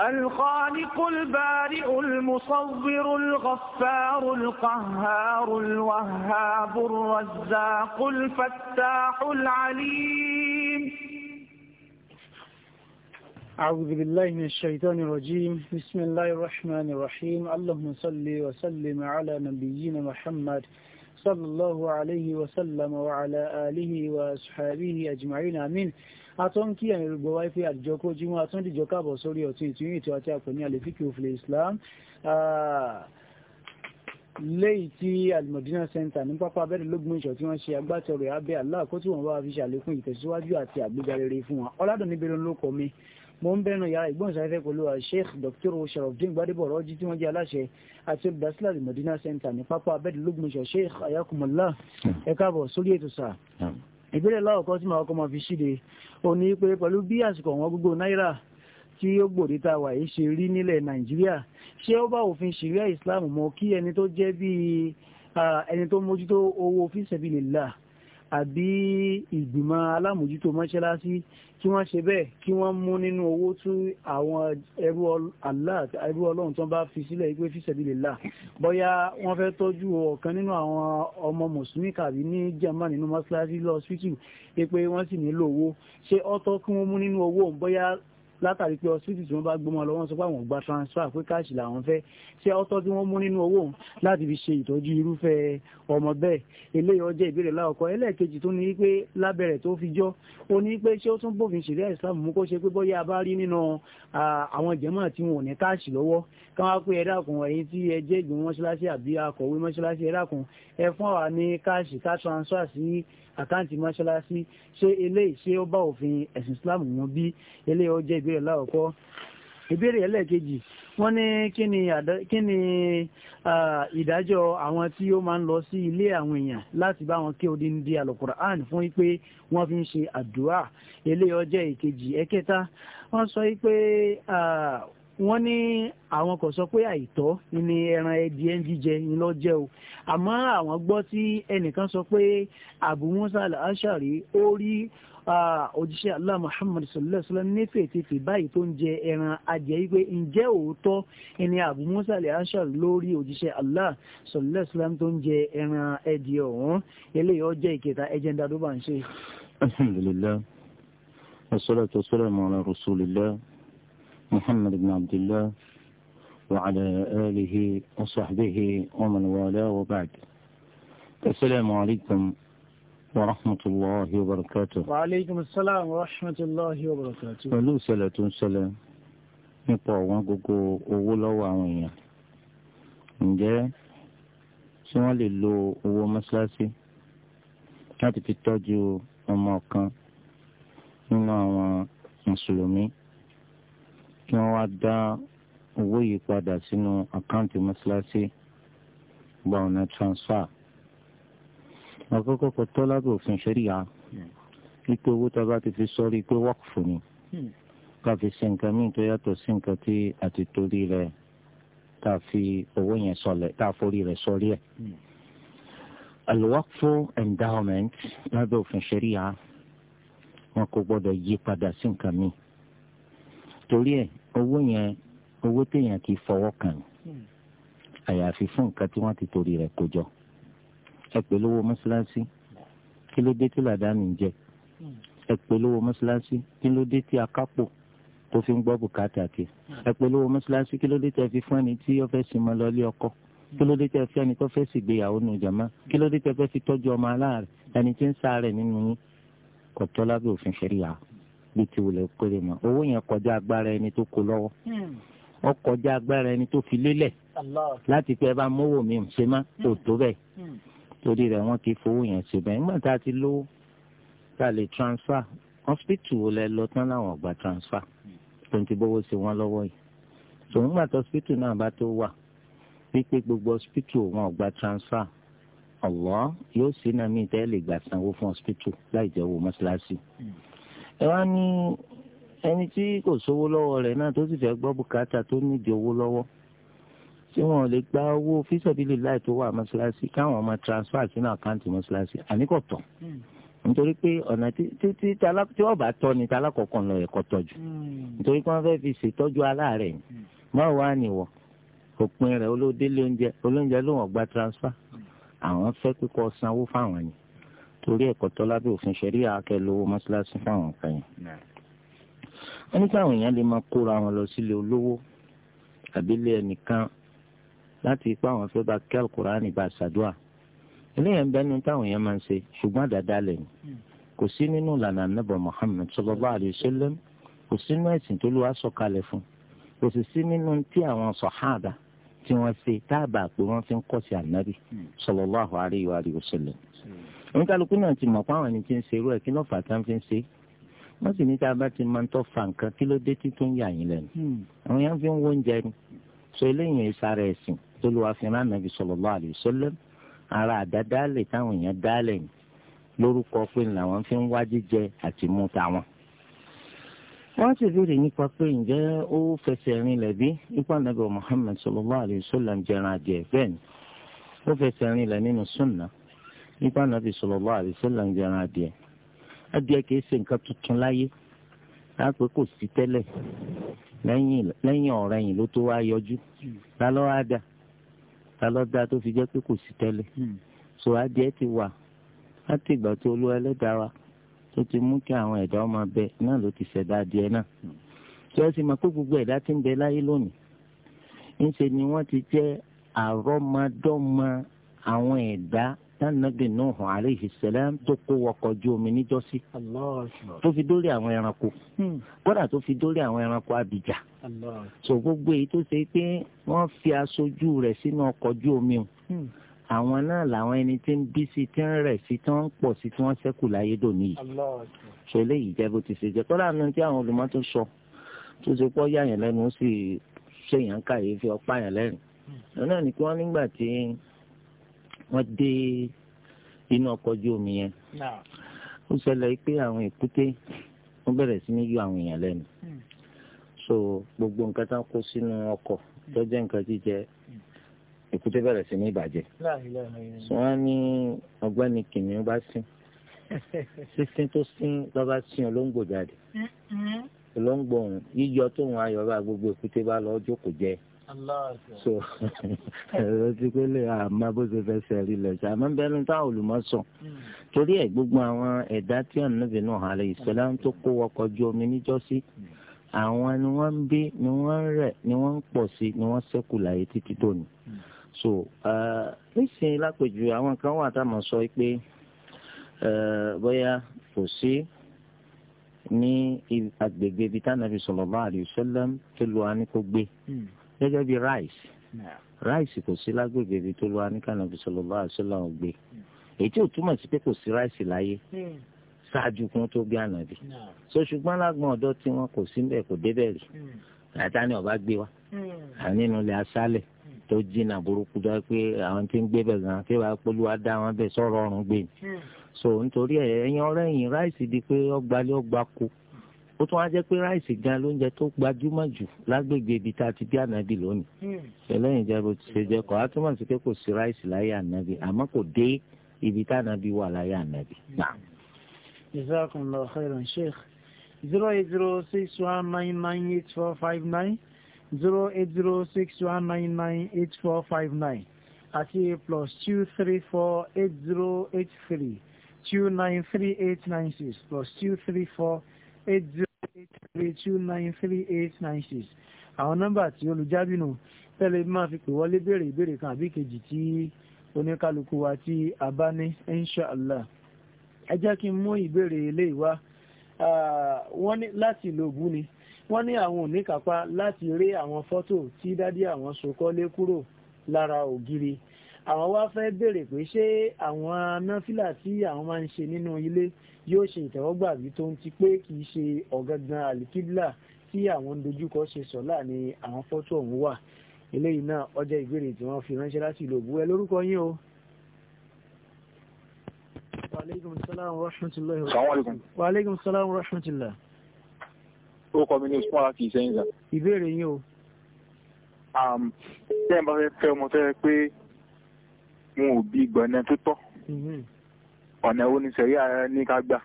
الخالق البارئ المصور الغفار القهار الوهاب الرزاق الفتاح العليم أعوذ بالله من الشيطان الرجيم بسم الله الرحمن الرحيم اللهم صل وسلم على نبينا محمد صلى الله عليه وسلم وعلى آله وأصحابه أجمعين آمين atọ́n kí ẹ̀yin gbọ́ wáyé pé àdìjọ kó jí wọn atọ́n dìjọ káàbọ̀ sórí ọ̀tún ìtúyìn ìtọ́ àti àpò ní àlèfíkì òfìlẹ̀ Islam léyìí tí Al-Madina Center ní pápá abẹ́rẹ́ lógún ìṣọ̀ tí wọ́n ṣe agbátẹrù abẹ́ aláàkó tí wọ́n bá fi ṣàlékún ìtẹ̀síwájú àti àgbéga rere fún wọn ọ̀làdùn níbi ló kọ́ mi mo ń bẹ̀rù yàrá ìgbóhùnsáfẹ́fẹ́ pẹ̀lú Sheikh Dr. Sharafdin Gbadebo Ọ̀rọ̀jì tí wọ́n jẹ́ aláṣẹ àti olùdásílẹ̀ Al-Madina Center ní pápá abẹ́rẹ́ lógún ìṣọ̀ Sheikh ayakumullah ẹ káàbọ̀ sórí ètò sáà ìbéèrè láwùkọ́ tí màá kọ́ máa fi ṣíde ó ní pé pẹ̀lú bí àsìkò wọn gbogbo náírà tí ó gbòde tá a wà yìí ṣe rí nílẹ̀ nàìjíríà ṣé ó bá òfin ṣìríà ìsìláàmù mọ́ kí ẹni tó jẹ́ bíi ẹni tó mójútó owó fi sabilillah àbí ìgbìmọ̀ alámòjútó mọ́ṣáláṣí kí wọ́n ṣe bẹ́ẹ̀ kí wọ́n mú nínú owó tún àwọn ẹrú ọlọ́run tó bá fi sílẹ̀ wípé fisabilillah bóyá wọ́n fẹ́ tọ́jú ọ̀kan nínú àwọn ọmọ mùsùlùmí kàbí ní jàmá nínú mọ́ṣáláṣí lọ́sítù pé wọ́n sì nílò owó ṣé ọ́tọ́ kí wọ́n mú nínú owó bóyá látàrí pé ọsítì tí wọ́n bá gbọ́mọ lọ wọ́n sọ pé àwọn gba transfer pé káàṣì làwọn fẹ́ ṣé ọtọ́ tí wọ́n mú nínú owó láti fi ṣe ìtọ́jú irúfẹ́ ọmọ bẹ́ẹ̀ eléyìí ọjọ́ ìbéèrè láọkọ ẹlẹ́ẹ̀kejì tó ní pé lábẹ́rẹ̀ tó fi jọ́ ó ní pé ṣé ó tún bófin ṣẹ̀ríà Islam mú kó ṣe pé bóyá a bá rí nínú àwọn jàmáà tí wọn ò ní káàṣì lọ́wọ́ káwọn pé ẹ dákun ẹ̀yin tí ẹ jẹ́ ìgbìmọ̀ mọ́ṣáláṣí àbí akọ̀wé mọ́ṣáláṣí ẹ dákun àkáǹtì mọ́ṣáláṣí ṣé eléyìí ṣé ó bá òfin ẹ̀sìn islam mu bí eléyìí ó jẹ́ ìbéèrè láwọ̀kọ́ ìbéèrè ẹlẹ́ẹ̀kejì wọ́n ní kí ni ìdájọ́ àwọn tí ó máa ń lọ sí ilé àwọn èèyàn láti bá wọn ké odindi alukur'an fún pé wọ́n fi ń ṣe àdúrà eléyìí ó ìkejì ẹ̀kẹta wọ́n sọ pé wọ́n ní àwọn kò sọ pé àìtọ́ ni ẹran ẹdí ẹ ń jíjẹ ni lọ jẹ o àmọ́ àwọn gbọ́ tí ẹnìkan sọ pé Abu Musa al-Ashari ó rí òjíṣẹ́ Allah Muhammad sallallahu alaihi wasallam nífẹ̀ẹ́ ti fi báyìí tó ń jẹ ẹran ajẹ́ wípé ǹjẹ́ òótọ́ ẹni Abu Musa al-Ashari lórí òjíṣẹ́ Allah sallallahu alaihi wasallam tó ń jẹ ẹran ẹdí ọ̀hún eléyìí ọjọ́ ìkẹta ẹjẹ́ ń dadó bá ń ṣe. alhamdulillah wassalatu wassalamu ala rasulillah محمد بن عبد الله وعلى آله وصحبه ومن والاه وبعد السلام عليكم ورحمة الله وبركاته وعليكم السلام ورحمة الله وبركاته ولو صلاة سلام nípa ọ̀wọ́n gbogbo owó lọ́wọ́ àwọn èèyàn ǹjẹ́ tí wọ́n lè lo owó mọ́ṣáláṣí kí wọ́n wá dá owó yìí padà sínú àkáǹtì mọ́ṣáláṣí gba ọ̀nà transfer. àkọ́kọ́ kò tọ́ lábẹ́ òfin ṣẹ́ríà wípé owó tá a bá ti fi sọ́rí pé wọ́ọ̀kù ni ká fi ṣe nǹkan míì tó yàtọ̀ sí nǹkan tí a ti torí rẹ̀ tá a fi owó yẹn sọlẹ̀ tá a forí rẹ̀ sọrí ẹ̀. àlùwàkù endowment lábẹ́ òfin ṣẹ́ríà wọn kò gbọ́dọ̀ yí padà sí nǹkan míì torí ẹ̀ owó yẹn owó téèyàn kì í fọwọ́ kàn àyàfi fún nǹkan tí wọ́n ti torí rẹ̀ kó jọ ẹ pè lówó mọ́ṣáláṣí kí ló dé tí làdáni ń jẹ ẹ pè lówó mọ́ṣáláṣí kí ló dé tí akápò tó fi ń gbọ́ bùkátà kí ẹ pè lówó mọ́ṣáláṣí kí ló dé tẹ́ fi fún ẹni tí ó fẹ́ sinmi lọ ilé ọkọ kí ló dé tẹ́ fi ẹni tó fẹ́ ṣègbéyàwó nù jàmá kí ló dé tẹ́ fẹ́ fi tọ́jú ọmọ aláàrẹ̀ ẹni tí ń sáré nínú yín kò tọ́ lábẹ́ òfin ṣẹ̀ríyà bí ti wulẹ̀ péré mọ́ owó yẹn kọjá agbára ẹni tó kó lọ́wọ́ hmm. ó kọjá agbára ẹni tó fi lélẹ̀ láti pé ẹ bá mówó mi ò ṣe má tó hmm. tó bẹ́ẹ̀ hmm. torí rẹ̀ wọ́n kì fowó yẹn ṣe bẹ́ẹ̀ nígbà tá a ti lówó tá a lè transfer hospital wo lẹ lọ tán láwọn ọgbà transfer tó ń ti bówó ṣe wọ́n lọ́wọ́ yìí tòun gbà tó hospital náà bá tó wà wípé gbogbo hospital wọn ọgbà transfer Allah yóò sí náà mí tẹ́ lè gbà sanwó fún hospital láì jẹ́ owó mọ́ṣáláṣí. Mm ẹ wá ní ẹni tí kò sówó lọ́wọ́ rẹ̀ náà tó sì fẹ́ gbọ́ bùkátà tó nídìí owó lọ́wọ́ tí wọn lè gba owó fíṣọ̀bìlì láì tó wà mọ́ṣáláṣí káwọn ọmọ transfer sínú àkáǹtì mọ́ṣáláṣí àníkọ̀ tọ̀ hmm. nítorí pé ọ̀nà tí wọ́n bá tọ́ ni tí alákọ̀ọ́kọ́ lọ ẹ̀kọ́ tọ́jú hmm. nítorí pé wọ́n fẹ́ fi ṣètọ́jú aláàárẹ̀ yìí hmm. máa wá nìwọ̀ òpin rẹ̀ olódélé oúnjẹ olóúnjẹ ló wọ́n gba transfer àwọn fẹ́ pé kó sanwó fáwọn ni torí ẹ̀kọ́ tó lábẹ́ òfin ṣẹ̀rí àákẹ́ lówó mọ́ṣáláṣí fáwọn nǹkan yẹn. wọ́n ní káwọn èèyàn lè máa kóra wọn lọ sílé olówó àbílé ẹnìkan láti ipá àwọn fẹ́ bá kí alukur'ani bá ṣàdúrà eléyàn bẹ́nu táwọn èèyàn máa ń ṣe ṣùgbọ́n àdàdà lẹ̀ hmm. kò sí nínú ìlànà anábọ̀ Muhammad sallallahu alaihi kò sí nínú ẹ̀sìn tó ló wá sọ̀kalẹ̀ fún oníkálukú náà ti mọ̀ pé àwọn ẹni tí ń ṣe irú ẹ̀ kí ló fà tá ń fi ń ṣe wọ́n sì ní tá a bá ti máa ń tọ́ fa nǹkan kí ló dé tí yà yín lẹ́nu hmm. àwọn yẹn fi ń wo ni so eléyìí ìsara ẹ̀sìn tó lu àfihàn nàbì sallallahu alaihi wasallam ara àdádálẹ̀ táwọn èèyàn dálẹ̀ ni lórúkọ pé làwọn fi ń wá jíjẹ àti mú táwọn. wọ́n sì béèrè nípa pé ǹjẹ́ ó fẹsẹ̀ rinlẹ̀ bí nípa nàbì Muhammad sallallahu alaihi wasallam jẹran adìẹ bẹ́ẹ̀ ni ó fẹsẹ̀ rinlẹ̀ nínú sunnah nípa nàbì sallallahu alaihi wasallam ń jẹran adìẹ adìẹ kìí ṣe nǹkan tuntun láyé láàpẹ kò sí tẹ́lẹ̀ lẹ́yìn ọ̀rẹ́ yìí ló tó wá yọjú lálọ́ á dà lálọ́ dá tó fi jẹ́ pé kò sí tẹ́lẹ̀ so adìẹ ti wà láti ìgbà tó olú ẹlẹ́dàá wa tó ti mú kí àwọn ẹ̀dá ọmọ bẹ náà ló ti ṣẹ̀dá adìẹ náà tí wọ́n sì mọ̀ pé gbogbo ẹ̀dá ti ń bẹ láyé lónìí ńṣe ni wọ́n ti jẹ́ àrọ́mọdọ́mọ àwọn ẹ̀dá tánàbì Nuhu alayhi salam tó kó wọkọ̀ ojú omi níjọ́sí tó fi dórí àwọn ẹranko hmm. kódà tó fi dórí àwọn ẹranko abìjà so gbogbo èyí tó ṣe pé wọ́n fi aṣojú rẹ̀ sínú ọkọ̀ ojú omi o hmm. àwọn náà làwọn ẹni tí ń bí sí tí ń rẹ̀ sí tí wọ́n ń pọ̀ sí tí wọ́n ṣẹ́kù láyé dòní yìí ṣe eléyìí jẹ́ bó ti ṣe jẹ́ kódà nu tí àwọn olùmọ̀ tó sọ tó ṣe pọ́ yáyàn lẹ́nu ó sì ṣèyàn káyé fi ọ̀pá yàn lẹ́nu hmm. lọ́nà ní kí wọ́n nígbà tí wọ́n dé inú ọkọ̀ ojú omi yẹn. ó ṣẹlẹ̀ pé àwọn èkúté wọ́n bẹ̀rẹ̀ sí ní yọ àwọn èèyàn lẹ́nu. Hmm. so gbogbo nǹkan tán kó sínú ọkọ̀ tó hmm. jẹ́ nǹkan jíjẹ hmm. èkúté bẹ̀rẹ̀ sí ní ìbàjẹ́. so wọ́n ní ọgbẹ́ni kìnìún bá sìn sísín tó sín lọ́ba sín olóńgbò jáde mm-hmm. olóńgbò yíyọ tóun ayọ̀ bá gbogbo èkúté bá lọ́ọ́ jókòó jẹ́ so ẹ̀rọ ti pé lè àmọ́ bó ṣe fẹ́ sẹ́rí lẹ̀ ṣe àmọ́ bẹ́ẹ̀ ni táwọn olùmọ̀sán hmm. torí ẹ̀ gbogbo àwọn ẹ̀dá tí Ànábì Nuh alayhi salam tó kó wọkọ̀ ju omi níjọ́sí àwọn ni wọ́n ń bí ni wọ́n ń rẹ̀ ni wọ́n ń pọ̀ sí ni wọ́n ṣẹ́kù láyé títí dòní. Hmm. so nísìnyí lápèjù àwọn kan wà tá a mọ̀ sọ pé bóyá kò sí ní agbègbè ibi tí Ànábì sallallahu gẹ́gẹ́ bí ráìsì ráìsì kò sí lágbègbè ibi tó lọ́wọ́ anìkànnà fi sọ̀rọ̀ bá aṣọ làwọn gbé èyí tí ò túmọ̀ sí pé kò sí ráìsì láyé hmm. ṣáájú kún tó gbé ànàbì so ṣùgbọ́n lágbọn ọ̀dọ́ tí wọn kò sí bẹ́ẹ̀ kò débẹ̀ rí hmm. àtàní ọba gbé wa hmm. ànínú ilẹ̀ aṣálẹ̀ tó jìnnà burúkú dá pé àwọn tí ń gbé bẹ̀ gan kí wàá polúwa dá wọn bẹ̀ sọ̀rọ̀ ọ̀run gbé so nítorí ẹ̀yìn ọ̀rẹ́yìn ráìsì di pé ọgbàlẹ́ ọgbà kú ó tún wá jẹ́ pé ráìsì gan lóúnjẹ tó gbajúmọ̀ jù lágbègbè ibi tá a ti bí ànábì lónìí. ṣẹlẹ́yìn hmm. jẹ́ bó ti ṣe jẹ́ kọ́ a túmọ̀ sí pé kò sí ráìsì láyé ànábì àmọ́ kò dé ibi tá ànábì wà láyé ànábì. jazakumullahu khairan sheikh zero eight zero six one nine nine eight four five nine zero eight zero six one nine nine eight four five nine àti plus two three four eight zero eight three two nine three eight nine six plus two three four eight zero eight three two nine three eight nine six àwọn nọ́mbà tí olùjábìnú tẹ́lẹ̀ máa fi pè wọlé béèrè ìbéèrè kan àbí kejì tí oníkálukú wa tí a bá ní inshàlá ẹ jẹ́ kí n mú ìbéèrè eléyìí wá wọ́n ní láti lògùn ni wọ́n ní àwọn oníkápá láti ré àwọn fọ́tò tí dádì àwọn sokọ́lé kúrò lára ògiri àwọn wá fẹ́ béèrè pé ṣé àwọn náfìlà tí àwọn máa ń ṣe nínú ilé yóò ṣe ìtẹ́wọ́gbà bí tó ń ti pé kì í ṣe ọ̀gangan àlìkíbílà tí àwọn dojúkọ ṣe sọ̀lá ni àwọn fọ́tò ọ̀hún wà eléyìí náà ọjọ́ ìbéèrè tí wọ́n fi ránṣẹ́ láti ìlú òbú ẹ lórúkọ yín o. wàlẹ́gùn sálàmù rahmatulah. wàlẹ́gùn sálàmù orúkọ mi ni usman akin sẹ́yìn sá. ìbéèrè yín o. tẹ́ ẹ̀ bá fẹ́ fẹ́ ọmọ fẹ́ pé wọn ò bí gbọ̀nà tó tọ́ mhm. ọ̀nà wo ni sẹ̀rí ara ní ká gbà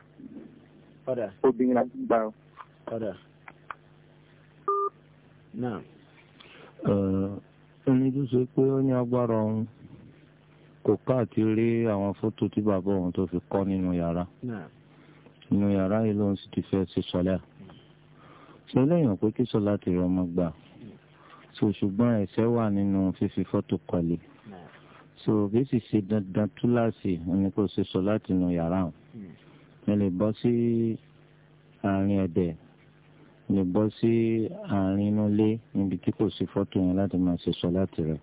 obìnrin la ti gbà ọ́. náà ẹni tó ṣe pé ó ní agbára ọ̀hún kò káàkiri rí àwọn fótó tí bàbá òun tó fi kọ́ nínú yàrá nínú yàrá yìí lòun sì ti fẹ́ ṣe sọ́lá ṣe lẹ́yìn pé kí sọ́lá ti rọ gbà mm. ṣùgbọ́n ẹ̀ṣẹ̀ wà nínú fífi fọ́tò kọ́lé so kì í sì ṣe dandan túláàsì ẹni kò ṣe sọ láti nu yàrá o ẹ lè bọ́ sí àárín ẹ̀dẹ̀ lè bọ́ sí àárín inú ilé níbi tí kò sí fọ́tò yẹn láti máa ṣe sọ láti rẹ̀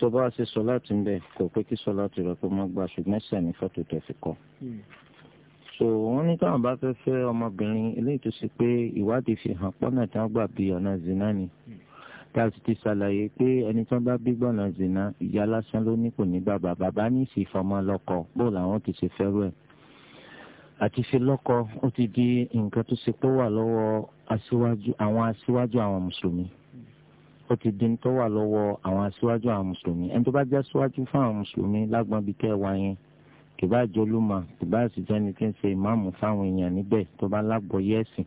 tó bá ṣe sọ láti bẹ̀ kò pé kí sọ láti rẹ̀ kó má gba ṣùgbọ́n ṣẹ̀ ní fọ́tò tẹ̀ fi kọ́ so wọn ní káwọn bá fẹ́ fẹ́ ọmọbìnrin eléyìí tó ṣe pé ìwádìí fi hàn pọ́nà tí wọ́n gbà bí ọ̀nà zinani tá a sì ti ṣàlàyé pé ẹni tí bá bí gbọnà zina ìyá lásán ló ní kò ní bàbá bàbá ní sì fọmọ lọ́kọ bó làwọn ti ṣe fẹrù ẹ àti fi lọ́kọ ó ti di nǹkan tó ṣe pé wà lọ́wọ́ aṣíwájú àwọn aṣíwájú àwọn mùsùlùmí ó ti di tó wà lọ́wọ́ àwọn aṣíwájú àwọn mùsùlùmí ẹni tó bá jẹ́ aṣíwájú fún àwọn mùsùlùmí lágbọn bíi kẹwà yẹn kì bá jọlúmọ kì bá sì jẹni tí ń ṣe ìmáàmù fáwọn èèyàn níbẹ̀ tó bá lágbọ yẹ́sìn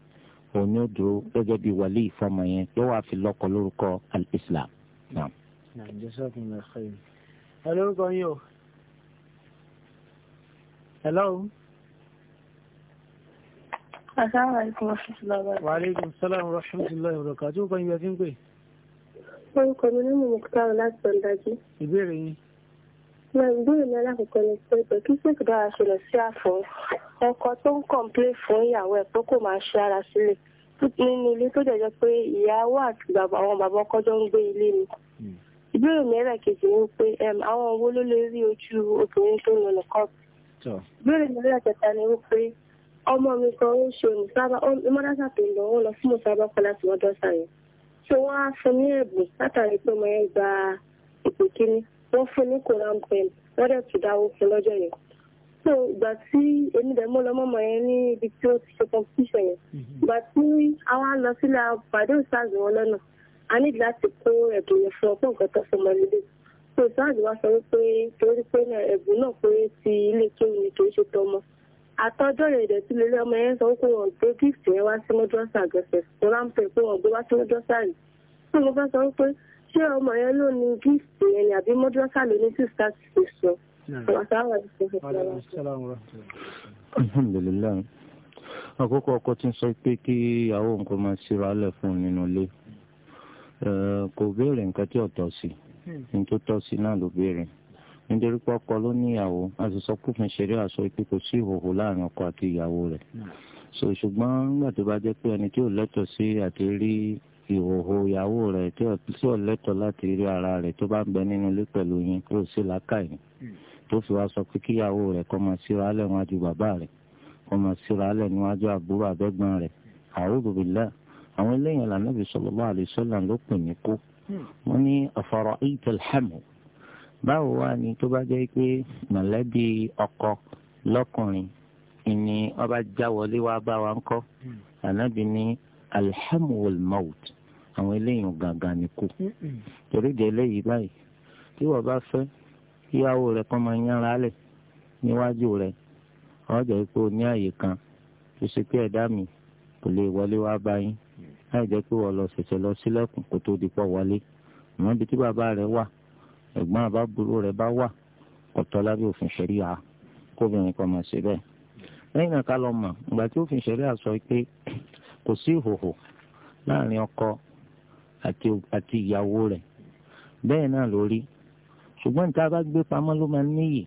òun yóò dúró gẹ́gẹ́ bí wàlí ìfọmọ yẹn yóò wá fi lọ́kọ lórúkọ al-islam. ẹ lórúkọ yín o. hello. asalaamualeykum rahmatulah. waaleykum salaam rahmatulah ibrahima tí o kàn yín bí a ti ń pè. orúkọ mi ní mọ̀mọ́kútàrọ̀ láti ọ̀dájú. ìbéèrè yín. ìgbà ìgbóyè mi alákòókò ni pé kí sèkì dára ṣẹlẹ̀ sí àfọ̀ ọkọ tó ń kọ̀m̀plé fún ìyàwó ẹ̀ pé kò máa ṣe ara sílẹ̀ nínú ilé tó jẹjọ pé ìyàwó àti bàbá àwọn bàbá ọkọ jọ ń gbé ilé ni hmm. ìbéèrè mẹ́rẹ̀ kejì ni pé àwọn owó ló lè rí ojú obìnrin tó ń lọ nìkan ìbéèrè mẹ́rẹ̀ kẹta ni wípé ọmọ mi kan ó ṣe olùsábà mọ́dásà tó ń lọ ó lọ fún olùsábà kan láti mọ́dọ́sà yẹn so wọ́n á fún ní ẹ̀bùn látàrí pé ọmọ yẹn gba ìpè kíní wọ́n fún ní koran pen wọ́n dẹ̀ tún dáwó fún lọ́jọ́ yẹn so ìgbà tí èmi dẹ̀ mọ́ lọ́mọ́mọ́ yẹn ní ibi tí ó ti ṣe competition yẹn mhm. ìgbà tí àwa lọ sílẹ̀ àbàdé ìsáàzì wọn lọ́nà a nídìí láti kó ẹ̀bùn yẹn fún ọkọ̀ nǹkan tó fún ọmọ nílé so ìsáàzì wa sọ wípé torí pé ẹ̀bùn náà pé ti ilé kéwù ni kì í ṣe tọmọ àtọ́jọ́ rẹ̀ dẹ̀ sílé ilé ọmọ yẹn sọ pé wọ́n gbé gift yẹn wá sí mọ́dúrọ́sà gẹ̀ẹ́sẹ̀ tó ráńpẹ́ pé wọ́n gbé wá sí mọ́dúrọ́sà rẹ̀ so mo fẹ́ sọ wípé ṣé ọmọ yẹn ló ní gift yẹn ni àbí mọ́dúrọ́sà ló ní sísá ti sọ alhamdulilayi àkókò ọkọ tí ń sọ pé kí ìyàwó nǹkan máa ṣíra lẹ̀ fún un nínú ilé kò béèrè nǹkan tí ò tọ́ sí hmm. ní tó tọ́ sí náà ló béèrè nítorí pé ọkọ ló níyàwó a sì sọ kófin ṣeré àṣọ pé kò sí ìhòòhò láàrin ọkọ àti ìyàwó rẹ̀ hmm. so ṣùgbọ́n nígbà tó bá jẹ́ pé ẹni tí ò lẹ́tọ̀ọ́ sí àti rí ìhòòhò ìyàwó rẹ̀ tí ò lẹ́tọ̀ọ́ láti rí ara rẹ̀ tó bá ń bẹ nínú ilé pẹ̀lú yín kó sí làákàyè. Hmm tó fi wá sọ pé kíyàwó rẹ̀ kọ́ máa síra lẹ̀ níwájú bàbá rẹ̀ kọ́ máa síra lẹ̀ níwájú àbúrò àbẹ́gbọ́n rẹ̀ a'udhu billah àwọn eléyìn lànàbì sallallahu alaihi wasallam ló pè ní kó wọ́n ní afara'ayta al-hamu báwo wá ni tó bá jẹ́ pé mọ̀lẹ́bí ọkọ lọ́kùnrin ni ọba já wọlé wá bá wa ń kọ́ ànábì ní alhamu maut àwọn eléyìn gangan ni kú torí de eléyìí báyìí tí wọ́n bá fẹ́ kíyàwó rẹ̀ kọ́ máa yánra lẹ̀ níwájú rẹ̀ ọjọ́ pé o ní àyè kan tó ṣe pé ẹ̀dá mi kò lè wọlé wá báyìí láì jẹ́ pé wọ́n lọ ṣẹ̀ṣẹ̀ lọ sílẹ̀kùn kó tó di pọ̀ wọlé àmọ́ ibi tí bàbá rẹ̀ wà ẹ̀gbọ́n àbábúrò rẹ̀ bá wà kọ̀tọ́ lábẹ́ òfin ṣẹ̀ríà kóbìnrin kan máa ṣe bẹ́ẹ̀. lẹ́yìn náà ká lọ mọ̀ ìgbà tí òfin ṣẹ̀ríà sọ pé kò sí ìhòhò láàrin ọkọ àti ìyàwó rẹ̀ bẹ́ẹ̀ náà lórí ṣùgbọ́n níta bá gbé pamọ́ ló máa níyì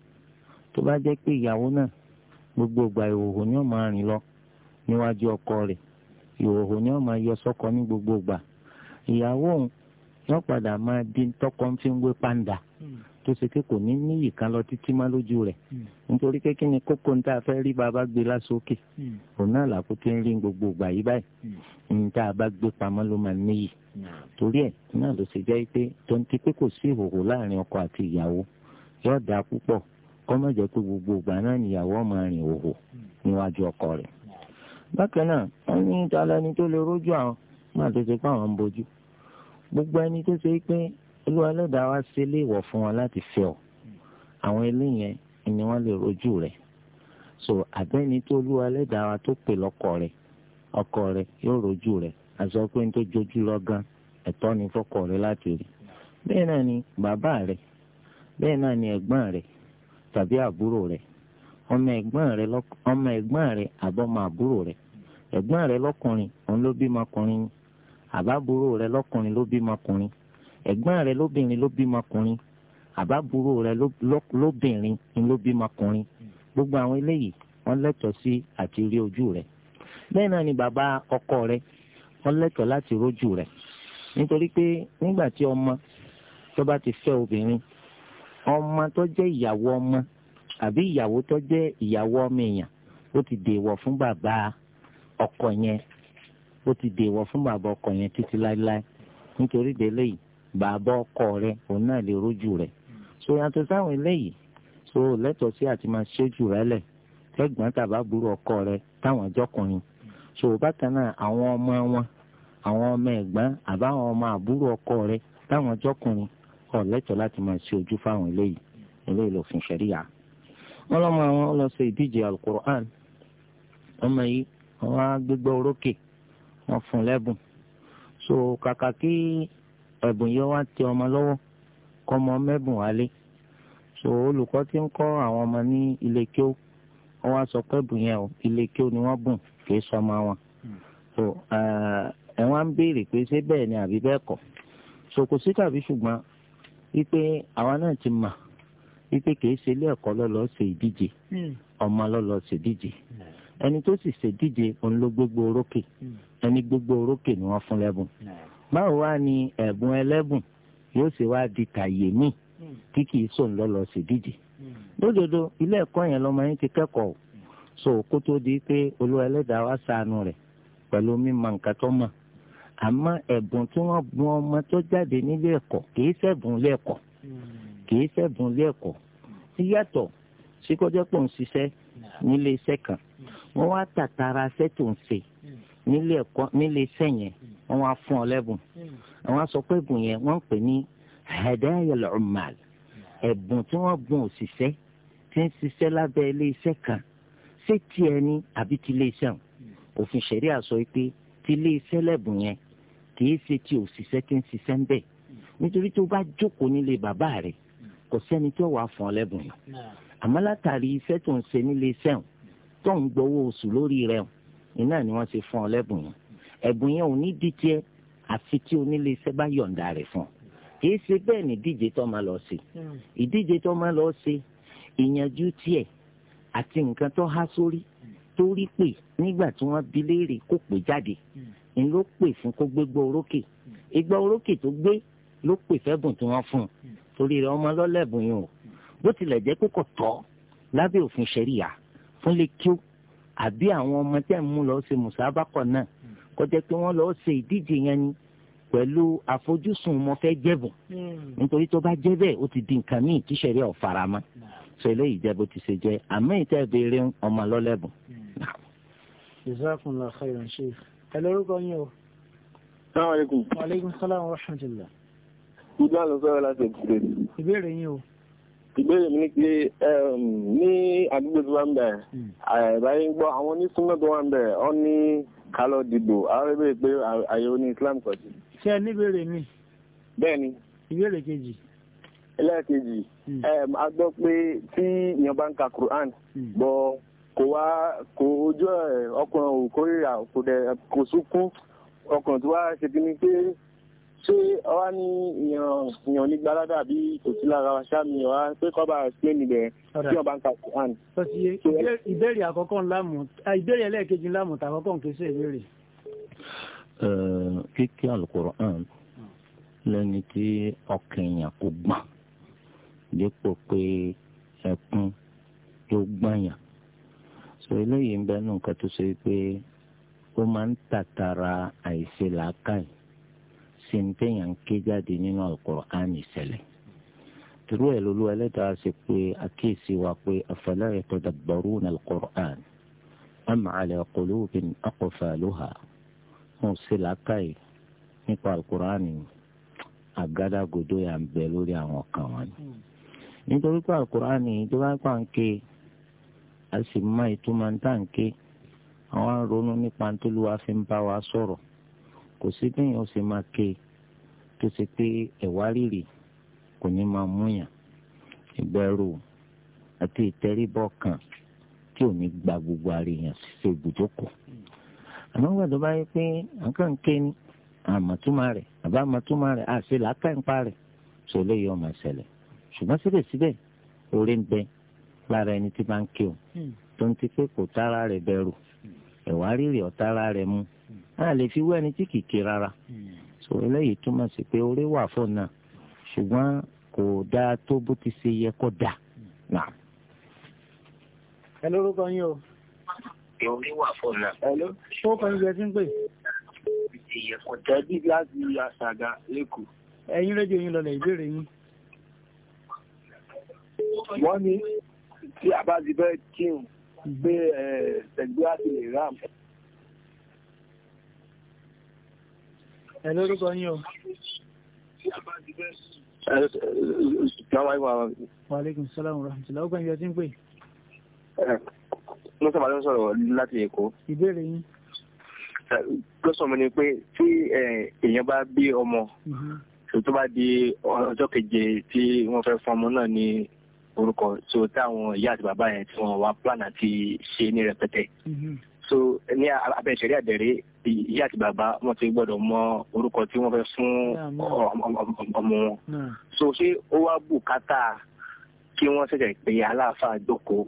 tó bá jẹ́ pé ìyàwó náà gbogbo ìgbà ìhòòhò ni ó máa rìn lọ níwájú ọkọ rẹ̀ ìhòòhò ni ó máa yọ sọ́kọ ní gbogbo ìgbà ìyàwó òun yóò padà máa di tọkọ fi ń gbé pàǹdà hmm tó ṣe pé kò ní níyì kan lọ títí má lójú rẹ̀ hmm. nítorí pé kí ni kókó ń tá a fẹ́ rí bàbá gbé lásòkè hmm. òun náà làkó tí ń rí gbogbo ìgbà yìí báyìí ń tá a bá gbé pamọ́ ló máa níyì hmm. torí ẹ̀ náà ló ṣe jẹ́ pé tó ń ti pé kò sí ìhòòhò láàrin ọkọ àti ìyàwó yóò dáa púpọ̀ kó má jẹ́ pé gbogbo ìgbà náà nìyàwó máa rìn òhò níwájú ọkọ rẹ̀ bákan náà wọ́n ní olúwa ẹlẹ́dàá wá sí ilé ìwọ̀ fún wọn láti fẹ́ ọ àwọn eléyẹn ni wọ́n lè rojú rẹ̀ so àbẹ́ni tó olúwa ẹlẹ́dàá wa tó pè lọ́kọ rẹ̀ ọkọ rẹ̀ yóò rojú rẹ̀ àṣọ pé ní tó jojú lọ́gán ẹ̀tọ́ ni fọ́kọ rẹ̀ láti rí bẹ́ẹ̀ náà ni bàbá rẹ̀ bẹ́ẹ̀ náà ni ẹ̀gbọ́n rẹ̀ tàbí àbúrò rẹ̀ ọmọ ẹ̀gbọ́n rẹ̀ ọmọ ẹ̀gbọ́n rẹ̀ àbọ̀mọ àbúrò rẹ̀ ẹ̀gbọ́n rẹ̀ lọ́kùnrin òun ló bímọ ọkùnrin àbábúrò rẹ̀ lọ́kùnrin ló bímọ ọkùnrin ẹ̀gbọ́n rẹ lóbìnrin ló bímọ ọkùnrin àbábúrò rẹ lóbìnrin ni ló bímọ ọkùnrin gbogbo àwọn eléyìí wọ́n lẹ́tọ̀ọ́ sí àti rí ojú rẹ bẹ́ẹ̀ náà ni bàbá ọkọ rẹ wọ́n lẹ́tọ̀ọ́ láti rójú rẹ nítorí pé nígbà tí ọmọ tó bá ti fẹ́ obìnrin ọmọ tó jẹ́ ìyàwó ọmọ àbí ìyàwó tó jẹ́ ìyàwó ọmọ èèyàn ó ti dèwọ̀ fún bàbá ọkọ yẹn ó ti dèwọ̀ fún bàbá ọkọ yẹn títí láéláé nítorí délé bàbá ọkọ rẹ òun náà lè rójú rẹ so yàtọ̀ sáwọn eléyìí so lẹ́tọ̀ọ́ sí àti máa ṣẹ́jú rẹ lẹ̀ tẹ́gbọ́n tàbá burú ọkọ rẹ táwọn ọjọ́kùnrin so bákan náà àwọn ọmọ wọn àwọn ọmọ ẹ̀gbọ́n àbáwọn ọmọ àbúrò ọkọ rẹ táwọn ọjọ́kùnrin ọ̀ lẹ́tọ̀ọ́ láti máa ṣe ojú fáwọn eléyìí eléyìí lòfin ṣẹ̀ríyà wọn lọ́mọ àwọn lọ ṣe ìdíje alukur'an ọmọ yìí wọn á gbégbá orókè wọn fún lẹ́bùn so kàkà kí ẹ̀bùn yẹn wá tẹ ọmọ lọ́wọ́ kọ́ ọmọ mẹ́bùn wálé so olùkọ́ ti ń kọ́ àwọn ọmọ ní ilé kí ó wọ́n wá sọ pé ẹ̀bùn yẹn o ilé kí ó ni wọ́n bùn kì í sọmọ wọn so ẹ̀ wọ́n á ń béèrè pé ṣé bẹ́ẹ̀ ni àbí bẹ́ẹ̀ kọ́ so kò sí tàbí ṣùgbọ́n wípé àwa náà ti mà wípé kì í ṣe ilé ẹ̀kọ́ lọ́lọ́ ṣe ìdíje ọmọ lọ́lọ́ ṣe ìdíje ẹni tó sì ṣèdíje òun ló gbégbó orókè ẹni gbégbó orókè ni wọ́n fún lẹ́bùn báwo wá ni ẹ̀bùn ẹlẹ́bùn yóò ṣe wá di tàyè míì hmm. tí kìí sòun lọ́lọ́ sí díje hmm. lódodo ilé ẹ̀kọ́ yẹn lọ́mọ yín ti kẹ́kọ̀ọ́ hmm. so kó tó di pé olúwa ẹlẹ́dàá wá ṣàánú rẹ̀ pẹ̀lú mímọ̀ nǹkan tó mọ̀ àmọ́ ẹ̀bùn tí wọ́n bu ọmọ tó jáde nílé ẹ̀kọ́ kìí ṣẹ̀bùn ilé ẹ̀kọ́ kìí ṣẹ̀bùn ilé ẹ̀kọ́ yíyàtọ̀ sí ń ṣiṣẹ́ nílé iṣẹ́ kan wọ́n wá tàtàrà iṣẹ́ nílé ẹ̀kọ́ nílé iṣẹ́ yẹn wọ́n wá fún ọ lẹ́bùn àwọn sọ pé ẹ̀bùn yẹn wọ́n ń pè ní hadayal ummal ẹ̀bùn tí wọ́n bùn òṣìṣẹ́ tí ń ṣiṣẹ́ lábẹ́ ilé iṣẹ́ kan ṣé ti ẹni àbí ti ilé iṣẹ́ òfin ṣẹ̀ríà sọ pé ti ilé iṣẹ́ lẹ́bùn yẹn kì í ṣe ti òṣìṣẹ́ tí ń ṣiṣẹ́ ń bẹ̀ nítorí tó bá jókòó nílé bàbá rẹ̀ kò sẹ́ni tí ó wàá fún ọ lẹ́bùn yẹn àmọ́ látàrí iṣẹ́ tó ń ṣe nílé iṣẹ́ tó ń gbowó oṣù lórí rẹ̀ iná ni wọ́n ṣe fún ọ lẹ́bùn yẹn ẹ̀bùn yẹn ò ní díje àfi tí onílé iṣẹ́ bá yọ̀ǹda rẹ̀ fún ọ kìí ṣe bẹ́ẹ̀ ni ìdíje tó máa lọ ṣe ìdíje tó máa lọ ṣe ìyànjú tiẹ̀ àti nǹkan tó há sórí tó rí pè nígbà tí wọ́n bi léèrè kó pè jáde ni ló pè fún kó gbégbá orókè ìgbà orókè tó gbé ló pè fẹ́bùn tí wọ́n fún un torí rẹ̀ ọmọ lọ́lẹ́bùn yìí o bó tilẹ̀ jẹ́ pé tọ́ lábẹ́ òfin ṣẹ̀ríyà fún kí ó àbí àwọn ọmọ tí a mú lọ ṣe mùsàbákọ̀ náà kó jẹ́ pé wọ́n lọ ṣe ìdíje yẹn ni pẹ̀lú àfojúsùn mo fẹ́ jẹ̀bùn hmm. nítorí tó bá jẹ́ bẹ́ẹ̀ ó ti di nǹkan míì tí sẹ̀rí ọ̀ farama hmm. sọ eléyìí ti ṣe jẹ́ àmọ́ ìtẹ́ ìbéèrè ọmọ lọ́lẹ́bùn. Hmm. jazakumullahu khairan sheikh ẹ yín o. salaamaleykum. wa salaam wa rahmatulah. ìgbà lọ sọ́wọ́ láti ẹ̀kú ìbéèrè mi ni pé um, ní àdúgbò tí wọ́n ń bẹ̀ hmm. báyìí ń gbọ́ àwọn onísúnmọ́ tó wọ́n ń bẹ̀ ọ́ ní kálọ̀ dìbò àwọn ìbéèrè pé àyẹ̀wò ní Islam kọ̀ọ̀tì. ṣé ẹ níbèrè mi. bẹ́ẹ̀ni. ìbéèrè kejì. ẹlẹ́ẹ̀kejì hmm. um, a gbọ́ pé tí èèyàn bá ń ka Quran hmm. bọ́ kò wá kò ojú ọkùnrin ò kórìíra kò sunkún ọkùnrin tí wàá ṣe kí ni pé ṣé ọwá ní ìyàn nígbà ládà bí kò sí lára wa ṣáà mi ọwá pé kọ́ bá ṣe níbẹ̀ tí ọba ń ka quran. ó ti yé ìbéèrè àkọ́kọ́ ńlámù ìbéèrè ẹlẹ́ẹ̀kejì ńlámù tàkọ́kọ́ ń kéṣe ìbéèrè. kíkí alukoran lẹni tí ọkàn èèyàn kò gbọ́n dípò pé ẹkún tó gbọ̀nyàn sọ eléyìí ń bẹ́ẹ̀ nù nǹkan ṣe pé ó máa ń tàtàrà àìṣe làákàyè sí ní téèyàn ń ké jáde nínú Al-Qur'an ìṣẹ̀lẹ̀ tìrú ẹ̀ lólu ẹlẹ́dàá ṣe pé àkíyèsí wa pé afala yatadabbaruna al-Qur'an am ala qulubin aqfaluha wọn ṣe làákàyè nípa Al-Qur'an àgádágodo yà ń bẹ lórí àwọn kan wọn ni nítorí pé Al-Qur'an tó bá ké a sì máa ìtumọ̀ ń àwọn ronú nípa tó lù fi ń bá wa sọ̀rọ̀ kò sí bẹ́yìn ó ṣe máa ké tó ṣe pé ẹ̀wá rírì kò ní máa múyàn ìbẹ̀rù àti ìtẹríbọ̀ kan tí ò ní gba gbogbo àríyàn ṣe ibùjókòó. àmọ́ gbàdọ̀ bá yẹ pé nǹkan ké ní àmọ̀túmọ̀ rẹ̀ àbá àmọ̀túmọ̀ rẹ̀ àṣẹ làákàǹpá rẹ̀ sọ lè yọ ọmọ ìṣẹ̀lẹ̀ ṣùgbọ́n síbẹ̀síbẹ̀ orí ń bẹ lára ẹni tí bá ń ké o hmm. tó ń ti pé kò tára rẹ̀ bẹ̀rù ẹ̀wá rírì ọ̀tára rẹ̀ mú a lè fi wé ẹni tí kìkì rárá so eléyìí túmọ̀ sí pé orí wà fún náà ṣùgbọ́n kò dáa tó bó ti ṣe yẹ kó dáa náà. ẹ lórúkọ yín o. orí wà fún náà. ẹ ló fún kan jẹ tí ń pè. ẹbí láti àṣàgà lẹ́kọ̀ọ́. ẹ̀yin rédíò yín lọlẹ̀ ìbéèrè yín. wọ́n ní tí a bá ti fẹ́ kírun gbé ẹ̀ẹ́dẹ́gbẹ́ àti lè rà mọ́. ẹ lórúkọ yín o. Wàlékún sálàmù rahmatulah. Ó gbàǹjọ tí ń pè. Mo sábà ló ń sọ̀rọ̀ láti Èkó. Ìbéèrè yín. Lọ́sọ̀ mi ni pé tí èèyàn bá bí ọmọ mm-hmm. tó bá di ọjọ́ keje tí wọ́n fẹ́ fún ọmọ náà ní orúkọ tó táwọn ìyá àti bàbá yẹn tí wọ́n wá plan àti ṣe ní so ní abẹ́ ìṣẹ̀rí àdẹ̀rẹ́ ìyá àti bàbá wọn ti gbọ́dọ̀ mọ orúkọ tí wọ́n fẹ́ fún ọmọ wọn so ṣé ó wá bùkátà kí wọ́n ṣẹ̀ṣẹ̀ pé aláàfáà jókòó.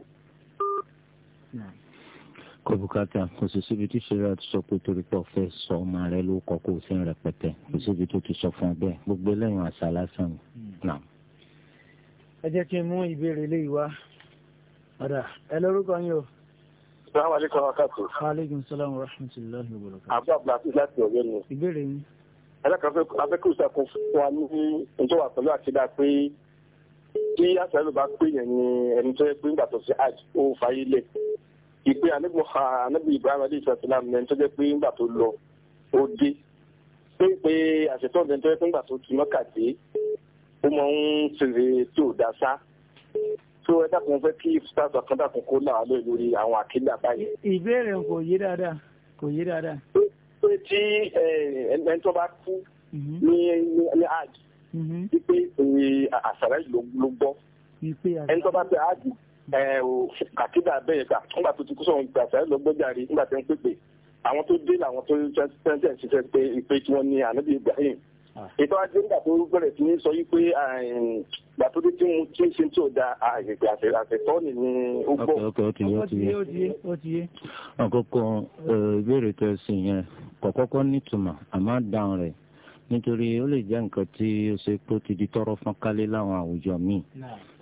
kò bùkátà kò sì síbi tí ìṣẹ̀rí àti sọ pé torí pé ọ̀fẹ́ sọ ọmọ rẹ ló kọ́ kó o sì ń rẹpẹtẹ kò síbi tó ti sọ fún ọ bẹ́ẹ̀ gbogbo eléyìí àṣà lásán hmm. náà. ẹ jẹ́ kí n mú ìbéèrè eléyìí wá ọ̀dà ẹ lórúkọ yín o. Assalamu alaikum wákàtí. Alaikum salaam wa rahmatullahi wa barakatuh. Àbúrò àbúrò àti láti ọ̀rẹ́ ni. Ìbéèrè yín. Ẹlẹ́kànfẹ́ abẹ́kùsà kan fún wa ní ìjọba pẹ̀lú àkídá pé tí àṣàlù bá pè yẹn ní ẹni tó yẹ pé nígbà tó ṣe hajj ó fàyè lẹ̀. Ìpè ànẹ́gbọ̀ha ànẹ́gbọ̀ Ibrahim Adé ìṣẹ́ Sàlám ní ẹni tó jẹ́ pé nígbà tó lọ ó dé. Pé pé àṣetọ́ ẹni tó yẹ pé nígbà tó ti mọ́kà dé ó máa ń ṣe tó ẹ dákun fẹ́ kí stars kan dákun kó là á lè lórí àwọn àkíńdà báyìí. ìbéèrè kò yé dáadáa kò yé dáadáa. pé tí ẹni tó bá kú mm-hmm. ní ní hajj mm-hmm. wípé àṣàrà yìí ló gbọ́ ẹni tó bá fẹ́ hajj àkíńdà bẹ́ẹ̀ gbà nígbà tó ti kú sọ̀rọ̀ àṣàrà yìí ló gbọ́ jàre nígbà tó ń pèpè àwọn tó dé làwọn tó ń ṣiṣẹ́ pé ìpè tí wọ́n ní ànábì Ibrahim Ah. ètò àjẹ́ńdà tó bẹ̀rẹ̀ sí ní sọ yí pé gbàtódé tí mo ti ń ṣe tí da àgbègbè àtẹ̀tọ́ ni ni ó ok ok ok ó ti yé ó ti yé ó ti yé. àkọ́kọ́ ìbéèrè tó ṣe yẹn kọ̀kọ́kọ́ nítumọ̀ àmọ́ dáhùn rẹ̀ nítorí ó lè jẹ́ nǹkan tí ó ṣe pé ó ti di tọrọ fún kálé láwọn àwùjọ míì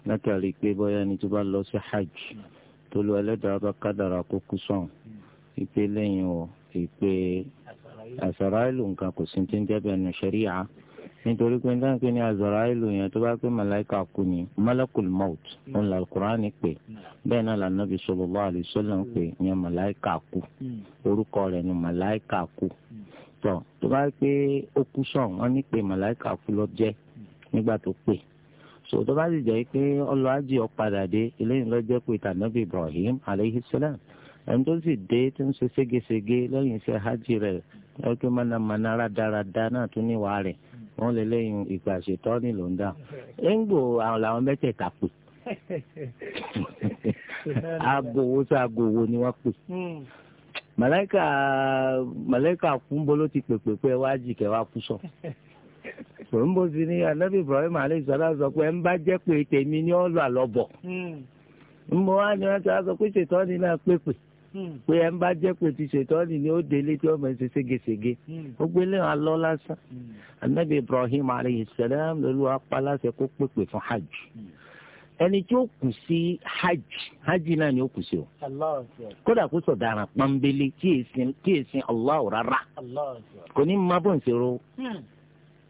látàrí pé bóyá ẹni tó bá lọ sí hajj tó lọ ẹlẹ́dàá bá kádàrà kó kú sàn hmm. ìpè lẹ́yìn ọ̀ ìpè àsàráìlù nǹkan kò sí ti ń jẹ́bẹ̀ nù ṣẹ́ríà nítorí pé nígbà pé ní àsàráìlù yẹn tó bá pé màláìka kú ni malakul maut òun là kúránì pé bẹ́ẹ̀ náà lànàbí sallallahu alaihi wasallam ń pè yẹn màláìka kú orúkọ rẹ̀ ni màláìka kú tọ̀ tó bá pé ó kú sàn wọ́n ní pé màláìka kú lọ jẹ́ nígbà tó pè sòtọ́ bá sì jẹ́ pé ọlọ́ ọ̀padà dé eléyìí lọ́jọ́ pé tànàbí Ibrahim aleyhi salam ẹni tó sì dé tó ń ṣe ségesège lẹ́yìn iṣẹ́ hajj rẹ̀ lọ́kẹ́ mọ̀nàmọ́ná rádaràda náà tún níwàá rẹ̀ wọ́n lè lẹ́yìn ìgbà ṣètọ́ ní lòńdà ẹ̀ńgbò àwọn làwọn mẹ́tẹ̀ẹ̀ta pè agbowo sí agbowo ni wọ́n pè màláìka hmm. màláìka kúńbolo ti pèpè pé wájì kẹwàá kú sọ sòńbòsí ni anabi ibrahim aleyhisselam sọ pé ń bá jẹ́ pé tèmi ni ó lọ àlọ́ bọ̀ ń hmm. bọ̀ wá ni wọ́n ti sọ pé ṣètọ́ ni náà pèpè. Hmm. pé ẹ ń bá jẹ́ pé ti ṣètọ́ni ni ó délé tí ọmọ ẹsẹ̀ ségesège hmm. ó gbé léwọn lọ lásán anabi hmm. ibrahim aleyhi salam lólu apaláṣẹ kó pèpè fún hajj ẹni tí ó kù sí hajj hajj náà ni ó o kódà kó sọ̀daràn pọ́nbélé tí èsìn allah rárá kò ní máa bọ̀ ro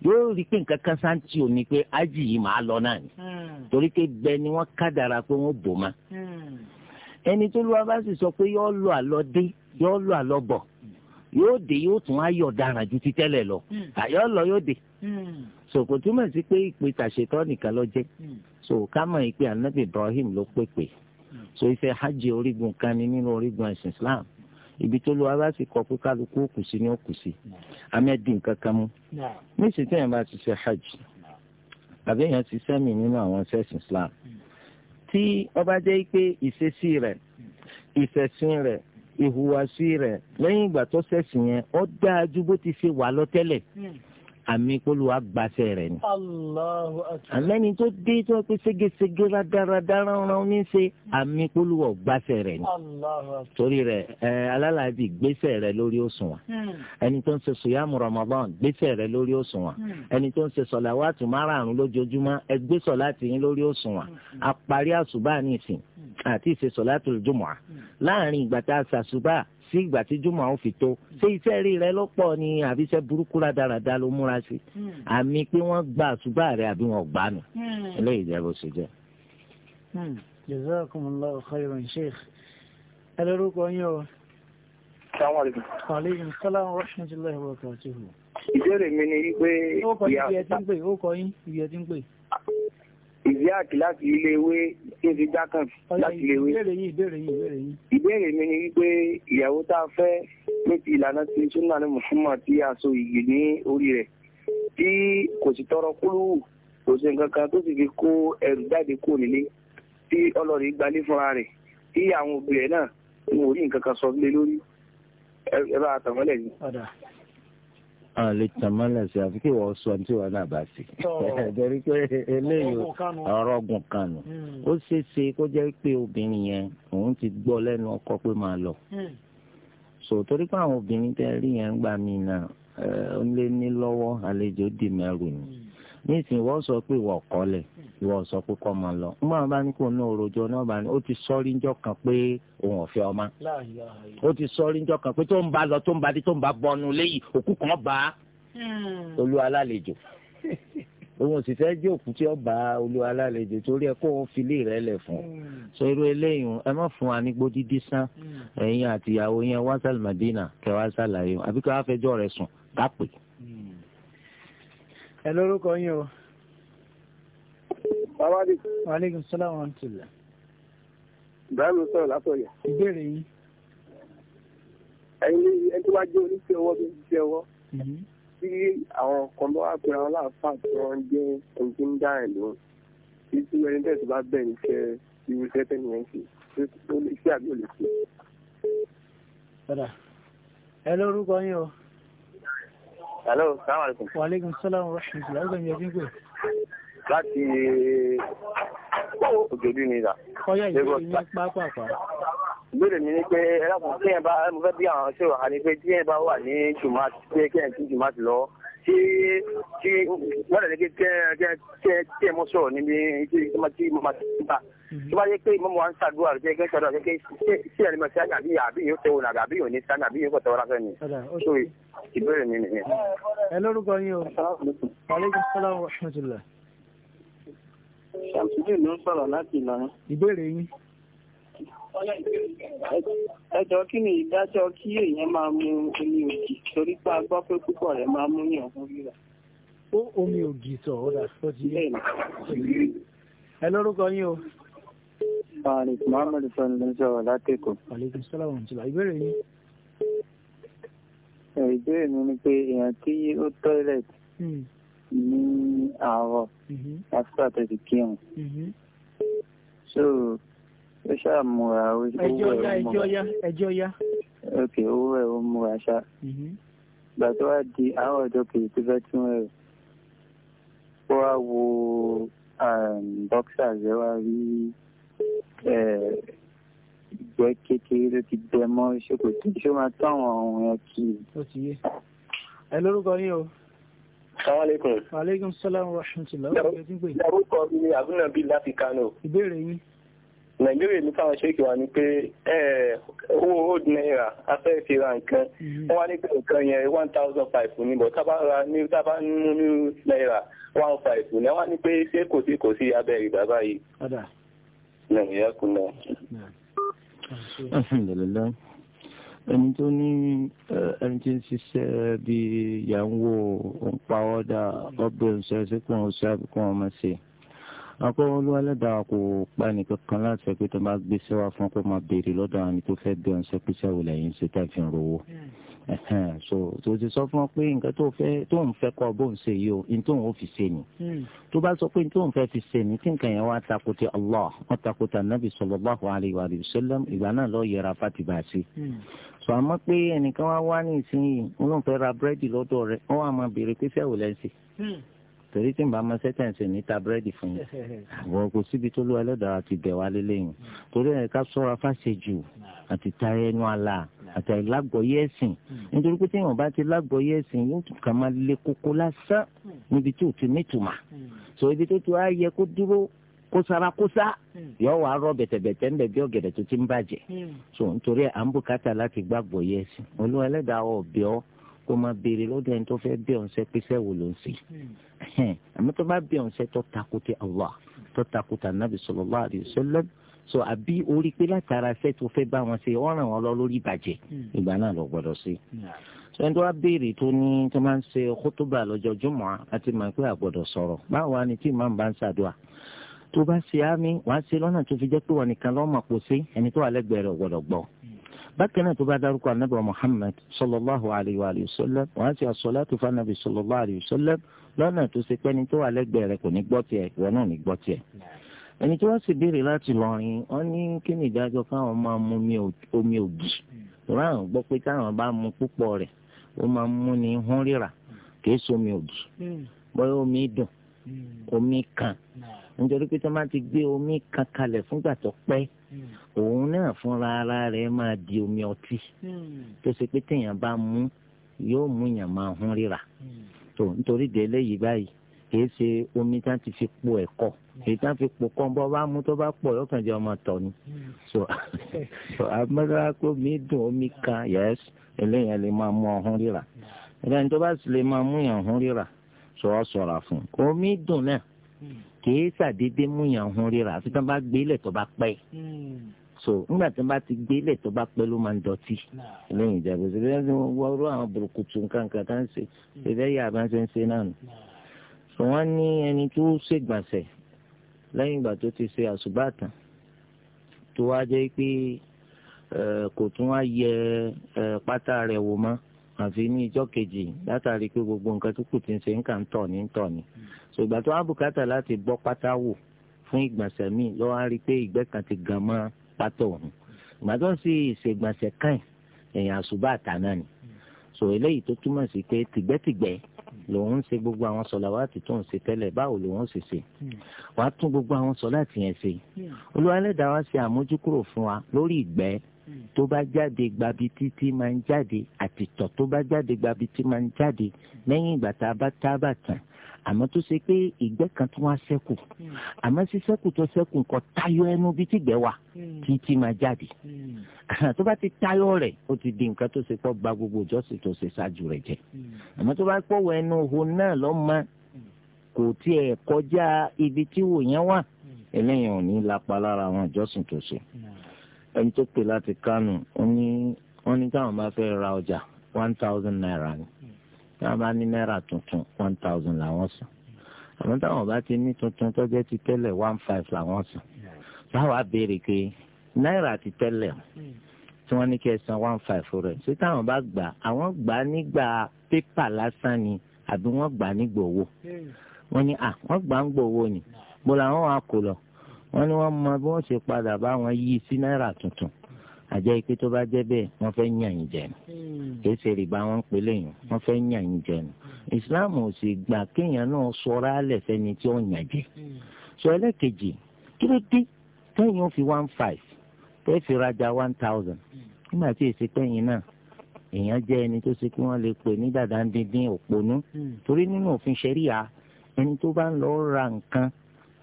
yóò rí pé nǹkan kan hajj yìí máa lọ náà ni torí ni wọ́n pé wọ́n bò ẹni tó lọ́wọ́ bá sì sọ pé yóò lọ àlọ́ dé yóò lọ àlọ́ bọ̀ yóò dé yóò tún ayọ̀ dára ju ti tẹ́lẹ̀ lọ hmm. àyọ̀ lọ yóò dé. Hmm. so kò túmọ̀ sí pé ìpè tàṣetọ́ nìkan ló jẹ́ hmm. so ká mọ̀ ìpè anabi Ibrahim ló pèpè so ìfẹ́ hajj orígun kan ni nínú orígun ẹ̀sìn Islam ibi tó lu ara sì kọ pé kálukú òkú sí ní òkú sí amẹ́dì nǹkan kan mú níṣìṣẹ́ yẹn bá ti ṣe hajj àbẹ́yẹn ti sẹ́mi nínú àwọn ṣẹ́sìn Islam tí ọba jẹ́ pé ìṣesí rẹ̀ ìṣẹ̀sìn rẹ̀ ìhùwàsí rẹ̀ lẹ́yìn ìgbà tó ṣẹ̀sìn yẹn ó dáa ju bó ti ṣe wà lọ tẹ́lẹ̀ àmì kóluwà gbàṣẹ rẹ ni. àmẹ́ni tó dé tó pé ségesège rádaràdà ránran ní ṣe àmì kóluwà gbàṣẹ rẹ ni. torí rẹ ẹ alálàájì gbèsè rẹ lórí òṣùwọ̀n. Hmm. ẹni tó ń ṣe sùyàmù Ramadan gbèsè rẹ lórí òṣùwọ̀n. Hmm. ẹni tó ń ṣe sọ̀làwátù márààrún lójoojúmọ́ ẹ gbé sọ̀láàtì yín lórí òṣùwọ̀n. àparí hmm. àṣùbà ní ìsìn àti ìṣe sọ̀láàtù jùmọ̀ sí ìgbà tí jùmọ̀ àwọn fi tó ṣé iṣẹ́ rí rẹ lọ́pọ̀ ni àbí iṣẹ́ burúkú rádaràda ló múra sí hmm. àmì pé wọ́n gba àṣùgbà rẹ àbí wọn gbà nù hmm. eléyìí jẹ́ bó ṣe jẹ́. Hmm. jazakumullahu khairan sheikh ẹ lórúkọ yín o. salaamaleykum. aleykum salaam wa rahmatulahi wa barakatuhu. ìbéèrè mi ni wípé. ó kọ ibi ẹ ti ń pè ó kọ yín ibi ẹ ti ń pè ìyáàkì láti iléèwé tí n fi dákàn láti iléèwé. ìbéèrè yìí ìbéèrè yìí ìbéèrè yìí. ìbéèrè mi ni wípé ìyàwó tá a fẹ́ ní ti ìlànà ti súnmọ́ ní mùsùlùmọ́ tí a so ìyè ní orí rẹ̀ tí kò sì tọrọ kúrú kò sí nǹkan kan tó sì fi kó ẹrù jáde kó nílé tí ọlọ́ọ̀rì gbalé fúnra rẹ̀ tí àwọn obìnrin náà ń wò nǹkan kan sọ lé lórí ẹ àwọn lè tàn mọ́lẹ̀ sí àfi kí wọ́n sọ tí wọ́n náà bá sí. ẹ̀ẹ́dẹ̀rí pé eléyìí ọ̀rọ̀ ọgùn kanu hmm. ó ṣeé ṣe kó jẹ́ pé obìnrin yẹn òun ti gbọ́ lẹ́nu ọkọ pé máa lọ. Hmm. sò torí pé àwọn obìnrin tẹ́ rí yẹn ń gbà mí náà eh, ó lé ní lọ́wọ́ àlejò dì mẹ́rù ni. Mm nísìnyí wọ́n sọ pé ìwọ kọ́lẹ̀ ìwọ sọ pé kọ́ máa lọ nígbà wọn bá ní kó ní òròjọ náà bá ní ó ti sọ́rí ńjọ́ kan pé òun ọ̀fẹ́ ọmọ ó ti sọ́rí ńjọ́ kan pé tó ń bá lọ tó ń bá dé tó ń bá bọ́nu léyìí òkú kan bá hmm. olúwa lálejò òun ò sì fẹ́ jẹ́ òkú tí ó bá olúwa lálejò torí ẹ kó o fi ilé rẹ lẹ̀ fún hmm. so irú eléyìí ẹ má fún wa ní gbódí dísán hmm. ẹ̀yin àtìyàwó yẹn wá sàlùmọ́dínà kẹwàá sàlàyé àbíkẹ́ ẹ yín o. bàbá mi. waaleykum salaam wa rahmatulah. ibrahim sọ̀rọ̀ látọ̀yà. ìbéèrè yín. ẹyin ní ẹni tó bá jẹ́ oníṣẹ́ ọwọ́ bí oníṣẹ́ ọwọ́. Mhm. tí àwọn kan bá wà pé àwọn aláàfáà tí wọ́n jẹ́ ẹni tí ń dá ẹ̀ lóhùn. tí tí ẹni tẹ̀sí bá bẹ̀ níṣẹ́ irú iṣẹ́ tẹ̀ nìyẹn ṣe tó lè ṣe ẹ lórúkọ yín o. Hello, salaam alaikum. Wa alaikum salaam wa rahmatullahi wa barakatuh. Láti òjòdú ni ìdá. Ọyá ìgbèrè ní pápápá. Ìbéèrè mi ni pé ẹlẹ́kùn kí ẹ bá mo fẹ́ bí àwọn ṣòro àní pé tí ẹ bá wà ní Jùmát pé kí ẹ ti Jùmát lọ tí tí wọ́n lè ní kí ẹ kí ẹ mú sọ̀rọ̀ níbi tí mo máa ti bá tó bá yẹ pé mọ́mọ́ wa ń ṣàdúrà jẹ́ gẹ́gẹ́ ṣàdúrà jẹ́ sí ẹni máa ṣe àbí àbí yóò tẹ̀wọ̀n àbí àbí yóò ní sáni àbí yóò tẹ̀wọ̀n afẹ́ ni. so ìbéèrè mi nìyẹn. ẹ lórúkọ yín o aleykum salaam wa rahmatulah. ṣàtúndì ló ń sọ̀rọ̀ láti Ìlọrin. ìbéèrè yín. ẹ kí ni ìdájọ́ kí èèyàn máa mu omi òkì torí pé a pé púpọ̀ rẹ̀ máa mú ó omi ògì sọ̀ ọ́ dà tó ti yé. ẹ lórúkọ yín o. Ààrẹ Muhammad Sani ló ń sọ̀rọ̀ látẹ̀kọ̀. Àlejò Sọ́lá wọn ti là ìbéèrè yín. Ìbéèrè mi ni pé èèyàn tí ó tọ́ílẹ̀tì hmm. ní àárọ̀ hmm. after thirty kírun. Hmm. So ó ṣàmúra owó ẹ̀ ó múra. Ẹjọ́ ya ẹjọ́ ya. Ok owó ẹ̀ ó múra ṣá. Ìgbà tó wá di àárọ̀ ọjọ́ kejì tó fẹ́ tún ẹ̀ ó wá wo ah, bọ́ksà rẹ̀ wá rí ìgbẹ́ kékeré ló ti bẹ mọ́ ṣòkò tí ṣó máa tó àwọn ohun ẹ̀ kì í. ó ti yé ẹ lórúkọ yín o. sàmàlẹ́kùn. maaleykum salaam wa rahmatulah. lórúkọ mi ni àbúnà bíi láti Kano. ìbéèrè yín. nàìjíríà ní fáwọn ṣéèkì wa ni pé owó old naira afẹ́ fi ra nǹkan mhm. wọ́n wá ní pé nǹkan yẹn one thousand five ní bọ̀ tábà ra ní tábà nínú naira one five ní wọ́n wá ní pé ṣé kò sí kò sí abẹ́ ìgbà báyìí náà ìyá kù náà. alhamdulilayi ẹni tó ní eh, ẹni tí ń ṣiṣẹ́ bíi yàwó ń pa ọ́dà ọ̀bẹ òṣèṣẹ́ kún ọ̀ṣẹ́ àbíkún ọmọ sí àpò olúwa lẹ́dàá kò pa ẹnìkankan láti ṣe pé tó máa gbé sẹ́wà fún kó máa béèrè lọ́dọ̀ àwọn ẹni tó fẹ́ bẹ́ẹ̀ ń ṣe pé sẹ́wò lẹ́yìn ṣe tá fi ń rówó. tó ti sọ fún ọ pé nǹkan tó fẹ́ tó ń fẹ́ kọ́ bó ń ṣe yìí o ní tóun ó fi ṣe ni. Hmm. tó bá sọ pé ní tóun fẹ́ fi ṣe ni tí nǹkan yẹn wá takò Allah wọ́n takò ti anabi sallallahu alaihi wa sallam ìgbà náà lọ yẹra a sí hmm. sọ àmọ́ pé ẹnìkan wá wá ní ìsinyìí olóńfẹ́ ra búrẹ́dì lọ́dọ̀ rẹ̀ wọ́n wá máa béèrè pé sẹ́wò lẹ́sìn torí tí n bá mọṣẹ́ tẹ̀sí níta búrẹ́dì fún yín àwọn kò síbi tó ló ẹlẹ́dàá ti bẹ̀ wá lélẹ́yìn torí ẹ̀ ká sọ́ra fáṣejù àti tayé ẹnu àlà àti àìlágbọ̀yé ẹ̀sìn hmm. nítorí pé téèyàn bá ti lágbọ̀yé ẹ̀sìn yóò tún kà máa le koko lásán hmm. níbi tí ò ti nítumà hmm. sọ ibi tó ti wá yẹ kó dúró kó sara kó sá yọ wàá rọ bẹ̀tẹ̀bẹ̀tẹ̀ ń bẹ̀ bí ọ̀gẹ̀dẹ̀ tó ti ń bàjẹ́ so nítorí à ń bùkátà láti gbàgbọ́ yẹ ẹ̀sìn olúwa ẹlẹ́dàá ọ̀ kó máa béèrè lọ́dọ̀ ẹni tó fẹ́ bí ọ̀nsẹ́ pẹ́sẹ́ wò ló ń sè àmọ́ tó bá bí ọ̀nsẹ́ tó takuti Allah tó takuta nabi sallallahu alaihi wasallam so àbí orí pé látara ṣẹ́ tó fẹ́ bá wọn ṣe ọ̀ràn wọn lọ lórí ìbàjẹ́ hmm. ìgbà náà lọ gbọ́dọ̀ sí. so ẹni tó wá béèrè tó ní tó máa ń ṣe khutuba lọ́jọ́ jùmọ̀ àti màá pé àgbọ̀dọ̀ sọ̀rọ̀ báwo ni tí màá bá bákan náà tó bá dárúkọ anabi muhammed sallallahu alayhi wa sallam wọn á ti àsọlá tó fún anabi sallallahu alayhi wa sallam lọ́nà tó ṣe pẹ́ni tó wà lẹ́gbẹ̀ẹ́ rẹ̀ kò ní gbọ́ tiẹ̀ ìwọ náà ní gbọ́ tiẹ̀ ẹni tí wọ́n sì béèrè láti lọrin wọ́n ní kí ni ìdájọ́ káwọn máa mu omi ògì ìwọ́n àwọn gbọ́ pé táwọn bá mu púpọ̀ rẹ̀ ó máa mú ni hún ríra kì í ṣomi ògì hmm. bọ́yá omi dùn Hmm. omi kan hmm. nítorí pé tó máa ti gbé omi kan kalẹ̀ fúngbà tó pẹ́ hmm. òun náà fúnra ara rẹ̀ máa di omi ọtí tó ṣe pé téèyàn bá mú yóò mú yàn máa hún ríra tó nítorí délé yìí báyìí kìí ṣe omi tá ti fi po ẹ̀kọ́ èyí tá fi po kọ́ bọ́ bá mú tó bá pọ̀ yóò jẹ́ ọmọ tọ̀ ni so amúnáwákó mi dùn omi kan yẹ́sì eléyàn lè máa mú ọ̀hún ríra ẹ̀dá ni tó bá sì lè máa mú yàn ọ̀hún ríra sọ ọ sọra fún un omi dùn náà kìí ṣàdédé múyàn hun ríra àfi tán bá gbélé tó bá pẹ́ so nígbà tí wọ́n bá ti gbélé tó bá pẹ́ ló máa ń dọ̀tí lẹ́yìn ìjà gbèsè bí wọ́n wọ ọ̀rọ̀ àwọn burúkutu nǹkan kan tá ń ṣe ìfẹ́ yà bá ń ṣe ń ṣe náà nù so wọ́n ní ẹni tó ṣègbọ̀nsẹ̀ lẹ́yìn ìgbà tó ti ṣe àṣùbàtàn tó wá jẹ́ pé kò tún wá yẹ pátá rẹ̀ wò mọ́ àfi ní ìjọ kejì látàrí pé gbogbo nǹkan tó kù ti ń ṣe ń kà ń tọ̀ ní tọ̀ ní. ṣùgbà tó àbùkátà láti bọ́ pátá wò fún ìgbọ̀nsẹ̀ míì lọ́wọ́ á rí i pé ìgbẹ́ kan ti gan mọ́ pátá òun. ìgbà tó ń ṣe ìṣègbọ̀nsẹ̀ káyìn èèyàn àṣùbà àtàná ni. sọ eléyìí tó túmọ̀ sí pé tìgbẹ́tìgbẹ́ lòun ń ṣe gbogbo àwọn sọ̀láwátì tó ń ṣe tẹ́lẹ̀ báwo lòun ṣe ṣe wàá tún gbogbo àwọn sọ̀láàtì yẹn ṣe. Hmm. olúwa ẹlẹ́dàá ṣe àmójúkúrò fún wa lórí ìgbẹ́ tó bá jáde gbabi títí máa ń jáde àtìtọ̀ tó bá jáde gbabi tí máa ń jáde lẹ́yìn ìgbà tá a bá tábà tán àmọ́ tó ṣe pé ìgbẹ́ kan tó wá ṣẹ́kù àmọ́ sí ṣẹ́kù tó ṣẹ́kù nǹkan tayọ ẹnu bí tìgbẹ́ wà kí tí máa jáde tó bá ti tayọ rẹ̀ ó ti di nǹkan tó ṣe pọ̀ gba gbogbo ìjọsìn tó ṣe ṣáájú rẹ̀ jẹ́ àmọ́ tó bá pọ̀wọ́ ẹnu òhun náà lọ́mọ kò tiẹ̀ kọjá ibi tí wò yẹn wà eléyìí ò ní lára àwọn ìjọsìn tó ṣe ẹni tó pè láti kánò wọ́n ní táwọn bá fẹ́ ra ọjà one thousand naira ni táwọn bá ní náírà tuntun one thousand làwọn san àmọ́ táwọn bá ti ní tuntun tó ti tẹ́lẹ̀ one five làwọn san báwa béèrè pé náírà ti tẹ́lẹ̀ tí wọ́n ní kí ẹ san one five rẹ̀ ṣé táwọn bá gbà àwọn gbà nígbà pépà lásán ni àbí wọ́n gbà nígbà owó hmm. wọ́n ní à wọ́n gbà ń gbà owó ni bó làwọn wà kó lọ wọ́n ní wọ́n mọ bí wọ́n ṣe padà bá wọn yí sí náírà tuntun àjẹ́ ike tó bá jẹ́ bẹ́ẹ̀ wọ́n fẹ́ yàn yín jẹ ni hmm. kì í ṣe rìbá wọn pè léyìn wọ́n fẹ́ yàn yín jẹ ni hmm. Islam ò sì gbà kéèyàn náà sọra alẹ̀ fẹ́ni tí ó yàn jẹ hmm. sọ ẹlẹ́kejì kí ló dé tẹ́yìn ó fi one five tẹ́ fi rajà one thousand nígbà tí èsì pẹ́yìn náà èèyàn jẹ́ ẹni tó ṣe kí wọ́n lè pè ní dàdá dídín òpònú torí nínú òfin ṣẹ́ríà ẹni tó bá ń lọ ra nǹkan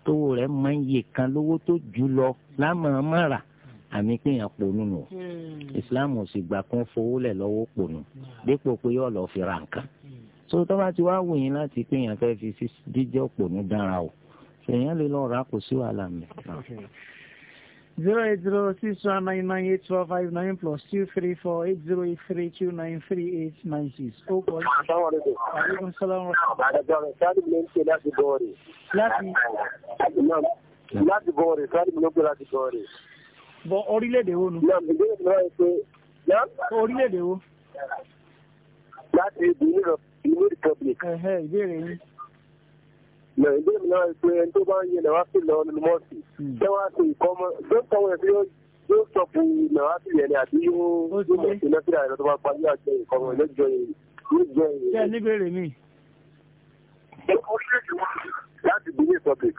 tówó rẹ̀ máa ń yè kan lówó tó jù lọ lámà mọ́ra àmì pé èèyàn pònú nù hmm. islam ò sì gbà kún fowó lẹ̀ lọ́wọ́ pònú hmm. dípò pé yóò lọ́ọ́ fi ra nǹkan hmm. so tó bá ti wá wù yín láti pé èèyàn fẹ́ fi jíjẹ́ pònú dára o èèyàn lè lọ́ọ́ rà kò sí wàhálà mi zero eight zero six one nine nine eight four five nine plus two three four eight zero three two nine three eight nine six. Oh, wo nu. náà ìdílé wo. láti ìlú ìlú republic. ìbéèrè yín mẹ ìdí mi náà pé ẹni tó bá ń yẹ nàwáfì lọ nínú mọ́ọ̀sì ṣé wàá ṣe ìkọ́mọ yóò tọ́wọ́ ẹ̀ yóò sọ fún nàwáfì yẹn ni àti yóò yóò mọ̀ sí nàfìlà ẹ̀rọ tó bá parí àjẹ ìkọ́mọ lọ́jọ́ yìí lọ́jọ́ yìí. ṣé ẹ níbèrè mi. láti bí ní public.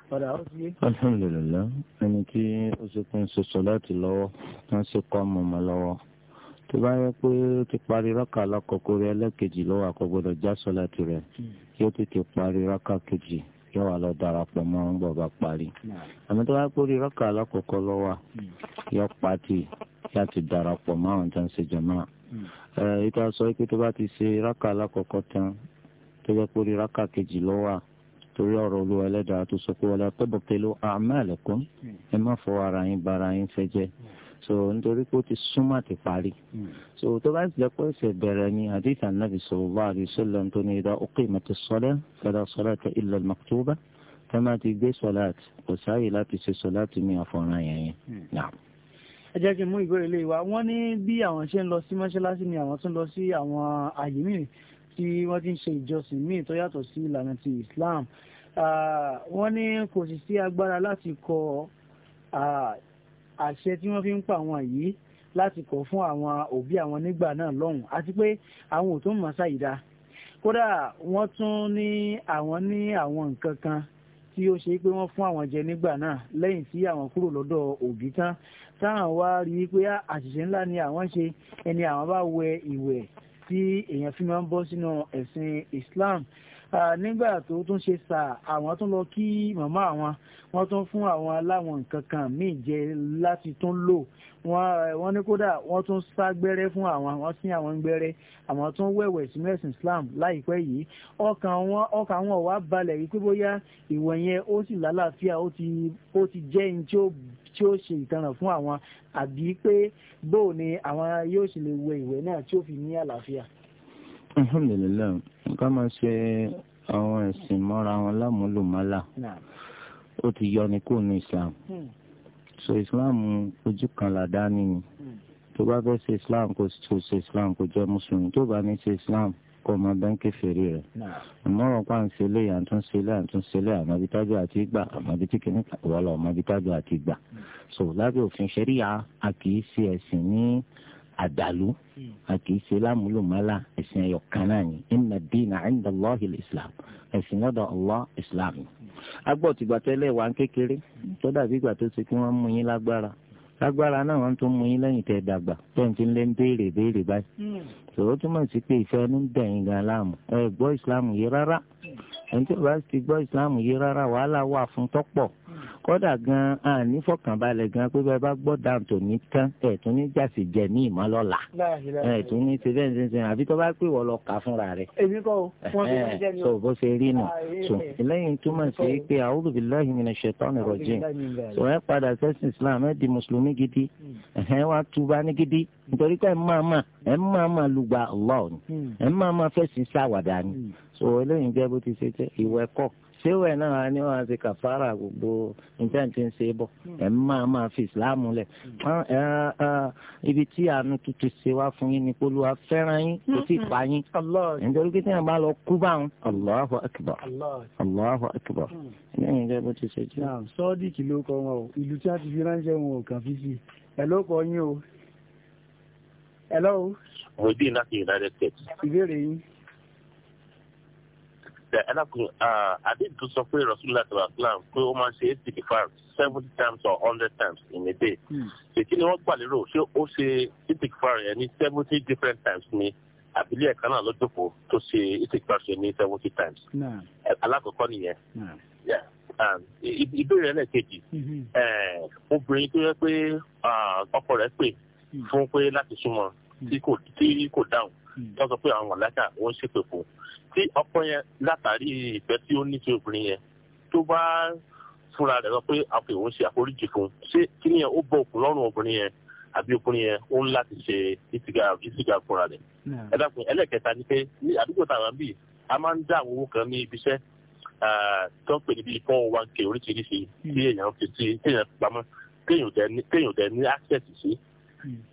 alhamdulilayi ẹni tí ó ṣe fún ṣoṣo láti lọ́wọ́ wọ́n ṣe kọ́ ọmọ ọmọ lọ́wọ́ tó bá yẹ pé ó ti parí rákà alákọ̀ọ́kọ́ rẹ̀ ẹlẹ́kejì lọ́wọ́ àkọ́gbọ́dọ̀ já sọ́lá tirẹ̀ yóò hmm. tètè parí rákà kejì yọ wà lọ darapọ̀ mọ́ ń gbọ̀ bá parí. àmì tó bá pórí rọ́kà alákọ̀ọ́kọ́ lọ wà yọ pàtì láti darapọ̀ mọ́ àwọn tó ń ṣe jàmáà. ìta sọ pé tó bá ti ṣe rọ́kà alákọ̀ọ́kọ́ tán tó bá pórí rọ́kà kejì lọ wà torí ọ̀rọ̀ olúwa ẹlẹ́dàá tó sọ pé wala tubtilu a'malakum ẹ má fọwọ́ ara yín bara yín fẹ́ jẹ́ so nítorí pé ó ti súnmọ́ àti parí hmm. so tó bá ti lẹ́kọ́ ẹ̀sẹ̀ bẹ̀rẹ̀ ni hadith anabi sallallahu alaihi wasallam tó ní idha uqimatis salah fala salata illa al-maktuba tó máa ti gbé sọláàtì kò sáàyè láti ṣe sọláàtì ní àfọ̀ràn yẹn yẹn hmm. ẹ jẹ́ kí n mú ìbéèrè lè wá wọ́n ní bí àwọn ṣe ń lọ sí mọ́ṣáláṣí ni àwọn tún lọ sí àwọn àyè míì tí wọ́n ti ń ṣe ìjọsìn míì tó yàtọ̀ sí ìlànà ti Islam ah, wọ́n ní kò sì sí agbára láti kọ ah, àṣẹ tí wọ́n fi ń pa àwọn yìí láti kọ̀ fún àwọn òbí àwọn nígbà náà lọ́hùn àti pé àwọn ò tó mọ̀ ṣàyídá kódà wọ́n tún ní àwọn ní àwọn nǹkan kan tí ó ṣe pé wọ́n fún àwọn jẹ nígbà náà lẹ́yìn tí àwọn kúrò lọ́dọ̀ òbí tán táwọn wá rí i pé àṣìṣe ńlá ni àwọn ṣe ẹni àwọn bá wẹ ìwẹ̀ tí èèyàn fi máa ń bọ́ sínú ẹ̀sìn Islam nígbà tó tún ṣe sà àwọn tún lọ kí màmá àwọn wọ́n tún fún àwọn aláwọn nǹkan kan míì jẹ láti tún lò wọ́n ní kódà wọ́n tún sá gbẹ́rẹ́ fún àwọn wọ́n sí àwọn gbẹ́rẹ́ àwọn tún wẹ̀wẹ̀ sí mẹ́sìn Islam láìpẹ́ yìí ọkàn wọn ọkàn wọn wá balẹ̀ wípé bóyá ìwọ̀n yẹn ó sì lálàáfíà ó ti ó ti jẹ́ ní tí ó tí ó ṣe ìtanràn fún àwọn àbí pé bóò ni àwọn yóò ṣe lè wẹ ìwẹ̀ náà tí ó fi ní àlàáfíà alhamdulilayi ká máa ṣe àwọn ẹ̀sìn mọ́ra wọn lámúlùmálà ó ti yọ ní kúrò ní islam hmm. so islam ojú kan làdá nìyí hmm. tó bá fẹ́ ṣe islam kò ṣe islam kò jẹ́ mùsùlùmí tó bá ní ṣe islam kọ́ ọmọ bẹ́ńkì fèrè rẹ̀. àmọ́ràn pa ń ṣẹlẹ̀ à ń tún ṣẹlẹ̀ à ń tún ṣẹlẹ̀ àmọ́bí tájú àti gbà àmọ́bí tí kìíní wọ́lọ̀ àmọ́bí tájú àti gbà. Hmm. so lábẹ́ òfin ṣẹ́ríyà a kì í ṣe ẹ̀sìn ní àdàlú a kì í ṣe lámúlòmálà ẹ̀sìn ẹ̀yọ̀ kan náà ni inna dina inda Allahi islam ẹ̀sìn lọ́dọ̀ Allah islam. agbọ́ tìgbà tẹ́lẹ̀ wà ń kékeré tó dàbí ìgbà tó ṣe kí wọ́n mú yín lágbára lágbára náà wọ́n tún mú yín lẹ́yìn tẹ́ dàgbà tẹ́yìn tí ń lé ń béèrè béèrè báyìí. sòwò túmọ̀ sí pé ìfẹ́ ẹnu dẹ̀yìn gan láàmú ẹ gbọ́ ìsìláàmù yìí rárá ẹni tí bá ti gbọ́ ìsìláàmù yìí rárá wàhálà wà fún tọ́pọ̀ kódà gan àní fọkànbalẹ̀ gan pé bá bá gbọ́ dáńtò ní tán ẹ̀ tún ní jàsì jẹ ní ìmọ̀lọ́la ẹ̀ tún ní ṣe bẹ́ẹ̀ ṣe ṣe àbí tó bá pè wọ́n lọ kà fúnra rẹ̀. èmi kọ́ wọn bí wọ́n jẹ́ ni o. bó ṣe rí nù so lẹ́yìn túmọ̀ sí pé a'udhu billahi minash shaitani rajim so ẹ padà sẹ́sìn islam ẹ di mùsùlùmí gidi ẹ wá túbá ní gidi nítorí pé ẹ máa máa ẹ máa máa lùgbà Allah ni hmm. ẹ máa máa fẹ́ sáwàdà ni hmm. so eléyìí jẹ́ bó ti ṣe jẹ́ ìwẹ́kọ̀ọ́ ṣéwẹ̀ náà ni wọ́n á ṣe kàfàrà gbogbo nǹkan tí ń ṣe bọ̀ hmm. ẹ̀ máa máa fi ìsìláàmù lẹ̀ hmm. ibi tí àánú tuntun ṣe wá fún yín ni polúwa fẹ́ràn yín kò tí ì hmm. pa yín nítorí pé téèyàn bá lọ kú bá wọn Allahu akbar Allahu akbar lẹ́yìn ìjọba bó ti ṣe jẹ́. sọ́ọ́dì kìló kan wọn o ìlú tí a ti fi ránṣẹ́ wọn ò kàn fi sí ẹ̀ ló kọ yín o. Hello. mo dín láti United ẹlẹ́kùn adéjì tó sọ pé rasulillah salam pé ó máa ń ṣe eighty five seventy times or hundred times in a day èkí hmm. ni wọ́n gbà lérò ṣé ó ṣe eighty five yẹn ní seventy different times ni àbílẹ̀ ẹ̀ka náà lọ́jọ́kọ̀ tó ṣe eighty five yẹn ní seventy times alákọ̀ọ́kọ́ nìyẹn ìbéèrè ẹlẹ́ẹ̀kejì mm-hmm. obìnrin tó yẹ pé ọkọ rẹ̀ pè hmm. fún pé láti súnmọ́ tí kò tí kò dáhùn tí hmm. wọ́n sọ pé àwọn màláìka wọ́n ṣèpè fún un tí ọkọ yẹn látàrí ìfẹ́ tí ó ní ti obìnrin yẹn tó bá fúnra rẹ̀ sọ pé àpò ìwọ̀n ṣe àforíjì fún ṣé kí ni yẹn ó bọ̀ òkun lọ́rùn obìnrin yẹn àbí ọkùnrin yẹn ó ń láti ṣe ìsìgá fúnra rẹ̀ hmm. ẹ ẹlẹ́kẹta ni pé ní àdúgbò tàwọn bíi a máa ń dá àwọn owó kan ní ibiṣẹ́ tó ń pè ní bíi four oh one k oríṣiríṣi hmm. tí èèyàn fi sí téèyàn pamọ́ téèyàn ò dẹ̀ ní access sí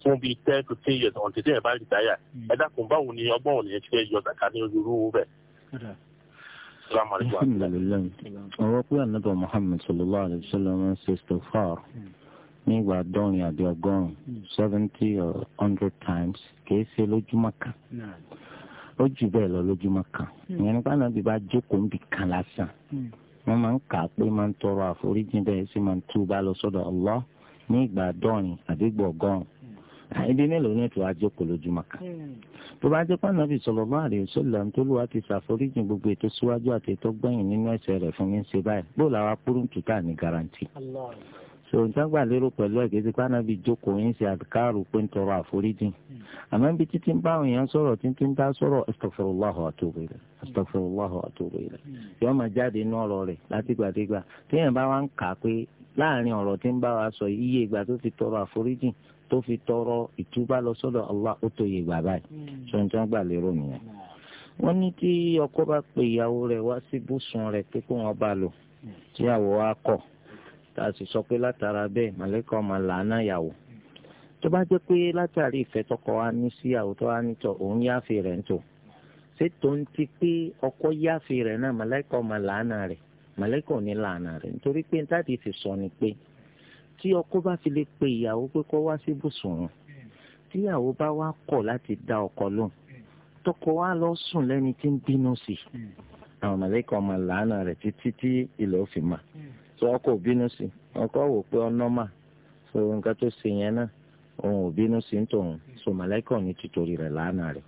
fún bíi ten to ten years ọ̀n tètè ẹ̀ bá rìtáyà hmm. ẹ dákun báwo ni ọgbọ́n òní ẹ yọ zaka ní onírúurú bẹ́ẹ̀. ọ̀rọ̀ pé ànábì Muhammad sallallahu alayhi wa sallam ń ṣe istighfar hmm. nígbà dọ́rin àbí ọgọ́rùn-ún hmm. seventy or hundred times kì í ṣe lójúmọ́ kan ó jù bẹ́ẹ̀ lọ lójúmọ́ kan ìyẹn nípa náà bí bá jókòó ń bì kan lásán wọ́n máa ń kà á pé máa ń tọrọ Allah ní ìgbà dọ́rin àìdí mélòó ní ètò àjọkò lójúmọ́ kan. Hmm. tó bá jẹ́ pàánà bíi sọ̀rọ̀ bá àrè sọ́là tó lù ti ṣàforíjì gbogbo ètò síwájú àti ètò gbẹ̀yìn nínú ẹ̀ṣẹ̀ rẹ̀ fún mi ṣe báyìí bó làwa garanti. so nígbà gbà lérò pẹ̀lú ẹ̀ kìí pàánà bíi jókòó yín ṣe pé ń tọrọ àforíjì. Hmm. àmọ́ bí títí ń bá sọ̀rọ̀ títí ń sọ̀rọ̀ tó fi tọrọ ìtúbà lọ sọ́dọ̀ Allah ó tó yẹ gbà báyìí hmm. ṣọ̀njọ́ gbà lérò nìyẹn. wọ́n ní tí ọkọ bá pe ìyàwó rẹ̀ wá sí bùsùn rẹ̀ pé kó wọ́n bá lò tíyàwó wa kọ̀ tá a sì sọ pé látara bẹ́ẹ̀ màlẹ́kọ̀ máa làánà yàwó tó bá jẹ́ pé látàrí ìfẹ́ tọkọ wa ní síyàwó tó wá nítọ̀ òun yáfe rẹ̀ ń tò ṣé tó ń ti pé ọkọ yáfe rẹ̀ náà màlẹ́kọ̀ máa làánà rẹ̀ màlẹ́kọ̀ ní làánà rẹ̀ nítorí pé táàdì ti sọ ni pé tí ọkọ bá fi lè pe ìyàwó pé kó wá sí ibùsùn òun tíyàwó bá wá kọ̀ láti dá ọkọ lóhùn tọkọ wá lọ sùn lẹ́ni tí ń bínú sí àwọn mọ̀lẹ́kọ̀ ọmọ làánà rẹ̀ títí tí ilẹ̀ ò fi mà tó ọkọ ò bínú sí ọkọ wò pé ọ̀nà mà so nǹkan tó ṣe yẹn náà òun ò bínú sí ń tòun so mọ̀lẹ́kọ̀ ni títorí rẹ̀ làánà rẹ̀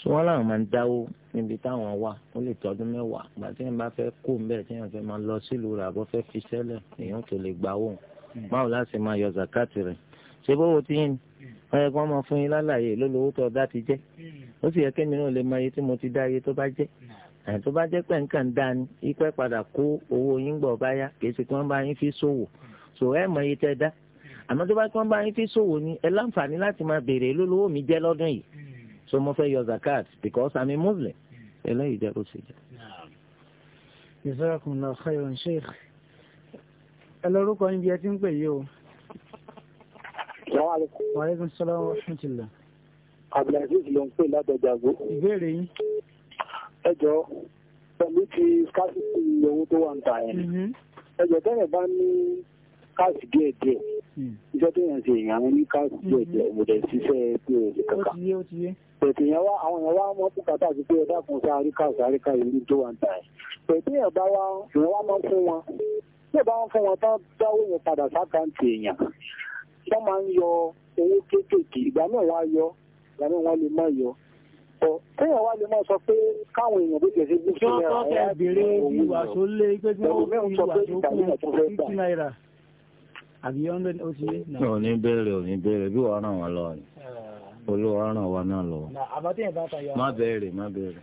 so wọn làwọn máa ń dáwó níbi táwọn wà ó lè tọdún mẹ́wàá gbàtí ẹ̀ bá fẹ́ kó ń bẹ̀ tí ẹ̀ fẹ́ máa lọ sílùú rẹ̀ àbọ̀ fẹ́ fi sẹ́lẹ̀ èèyàn tó lè gbà wọ́n Hmm. báwo láti máa yọ zakati rẹ̀ ṣé bówó ti yín wọ́n hmm. yẹ kí wọ́n máa fún yín lálàyé lólówó tó ọ̀dá ti jẹ́ hmm. ó sì yẹ kémi náà lè mọ iye tí mo ti dá iye tó bá jẹ́ ẹ̀ tó bá jẹ́ pé nǹkan ń dání ipẹ́ padà kó owó yín gbọ̀ báyá kì í ṣe kí wọ́n bá yín fi ṣòwò ṣò ẹ̀ mọ iye tẹ́ dá àmọ́ tó bá kí wọ́n bá yín fi ṣòwò ni ẹ láǹfààní láti máa béèrè lólówó mi jẹ́ lọ́dún yìí so mo fẹ́ yọ zakat because i'm a muslim eléyìí jẹ́ bó ṣe jẹ́. jazakumullahu khairan sheikh ẹ lórúkọ níbi ẹ ti ń pè yìí o. wa alaikum salaam wa rahmatullah. abdulaziz ló ń pè ládọjàgbó. ìbéèrè yín. ẹ jọ pẹ̀lú ti scarcity owó tó wà ń ta ẹ̀. Mhm. ẹ jọ tẹ́lẹ̀ bá ní káàsì díẹ̀ díẹ̀ hmm. iṣẹ́ tó yàn ṣe èèyàn ní káàsì díẹ̀ díẹ̀ mhm. mo dẹ̀ ṣiṣẹ́ pos kankan pẹ̀tù yẹn wá àwọn yẹn wá mọ́ bùkátà sí pé ẹ̀dá kan sáré káàsì sáré káàsì ní tó wà ń ta ẹ̀ pẹ̀tù yẹn bá wá ìyẹn wá mọ́ fún wọn tí ìbá wọn fún wọn tán dáwó yẹn padà sákàǹtì èèyàn wọ́n máa ń yọ owó kéékèèké ìgbà náà wọ́n á yọ ìgbà náà wọ́n lè má yọ téèyàn wá lè máa sọ pé káwọn èèyàn bó tẹ̀sí bí fún ẹ̀rọ ẹ̀ béèrè ìwà tó lé pé tí wọ́n fi ìwà tó kú fifty naira àbí hundred ó ti yé. ò ní béèrè ò bí wàá ràn wá lọ ni ah. olúwa ràn wá náà lọ. má béèrè má béèrè.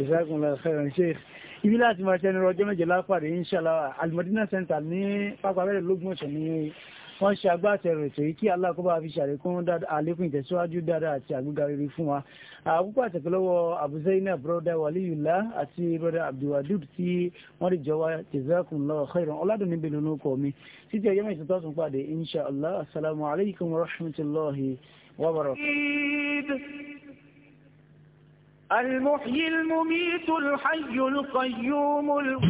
ìṣègùn lọ sẹ́yìn ṣe ibi láti máa ṣe ẹnirọ ọjọ́ méje lápàdé inshallah almadina center ní pápábẹ́rẹ̀ lógún ọ̀sẹ̀ ni wọ́n ṣe agbáṣẹ̀rọ ètò yìí kí Allah kó bá fi ṣàlékún àlékún ìtẹ̀síwájú dáadáa àti àgbéga rere fún wa púpọ̀ àtẹ̀kọ́lọ́wọ́ Abu Zainab broda waliyula àti broda abdulwadud tí wọ́n lè jọ wá jazakumullahu khairan ọ̀làdùn níbi lónà ọkọ̀ mi títí ọjọ́ mẹ́sàn المحيي المميت الحي القيوم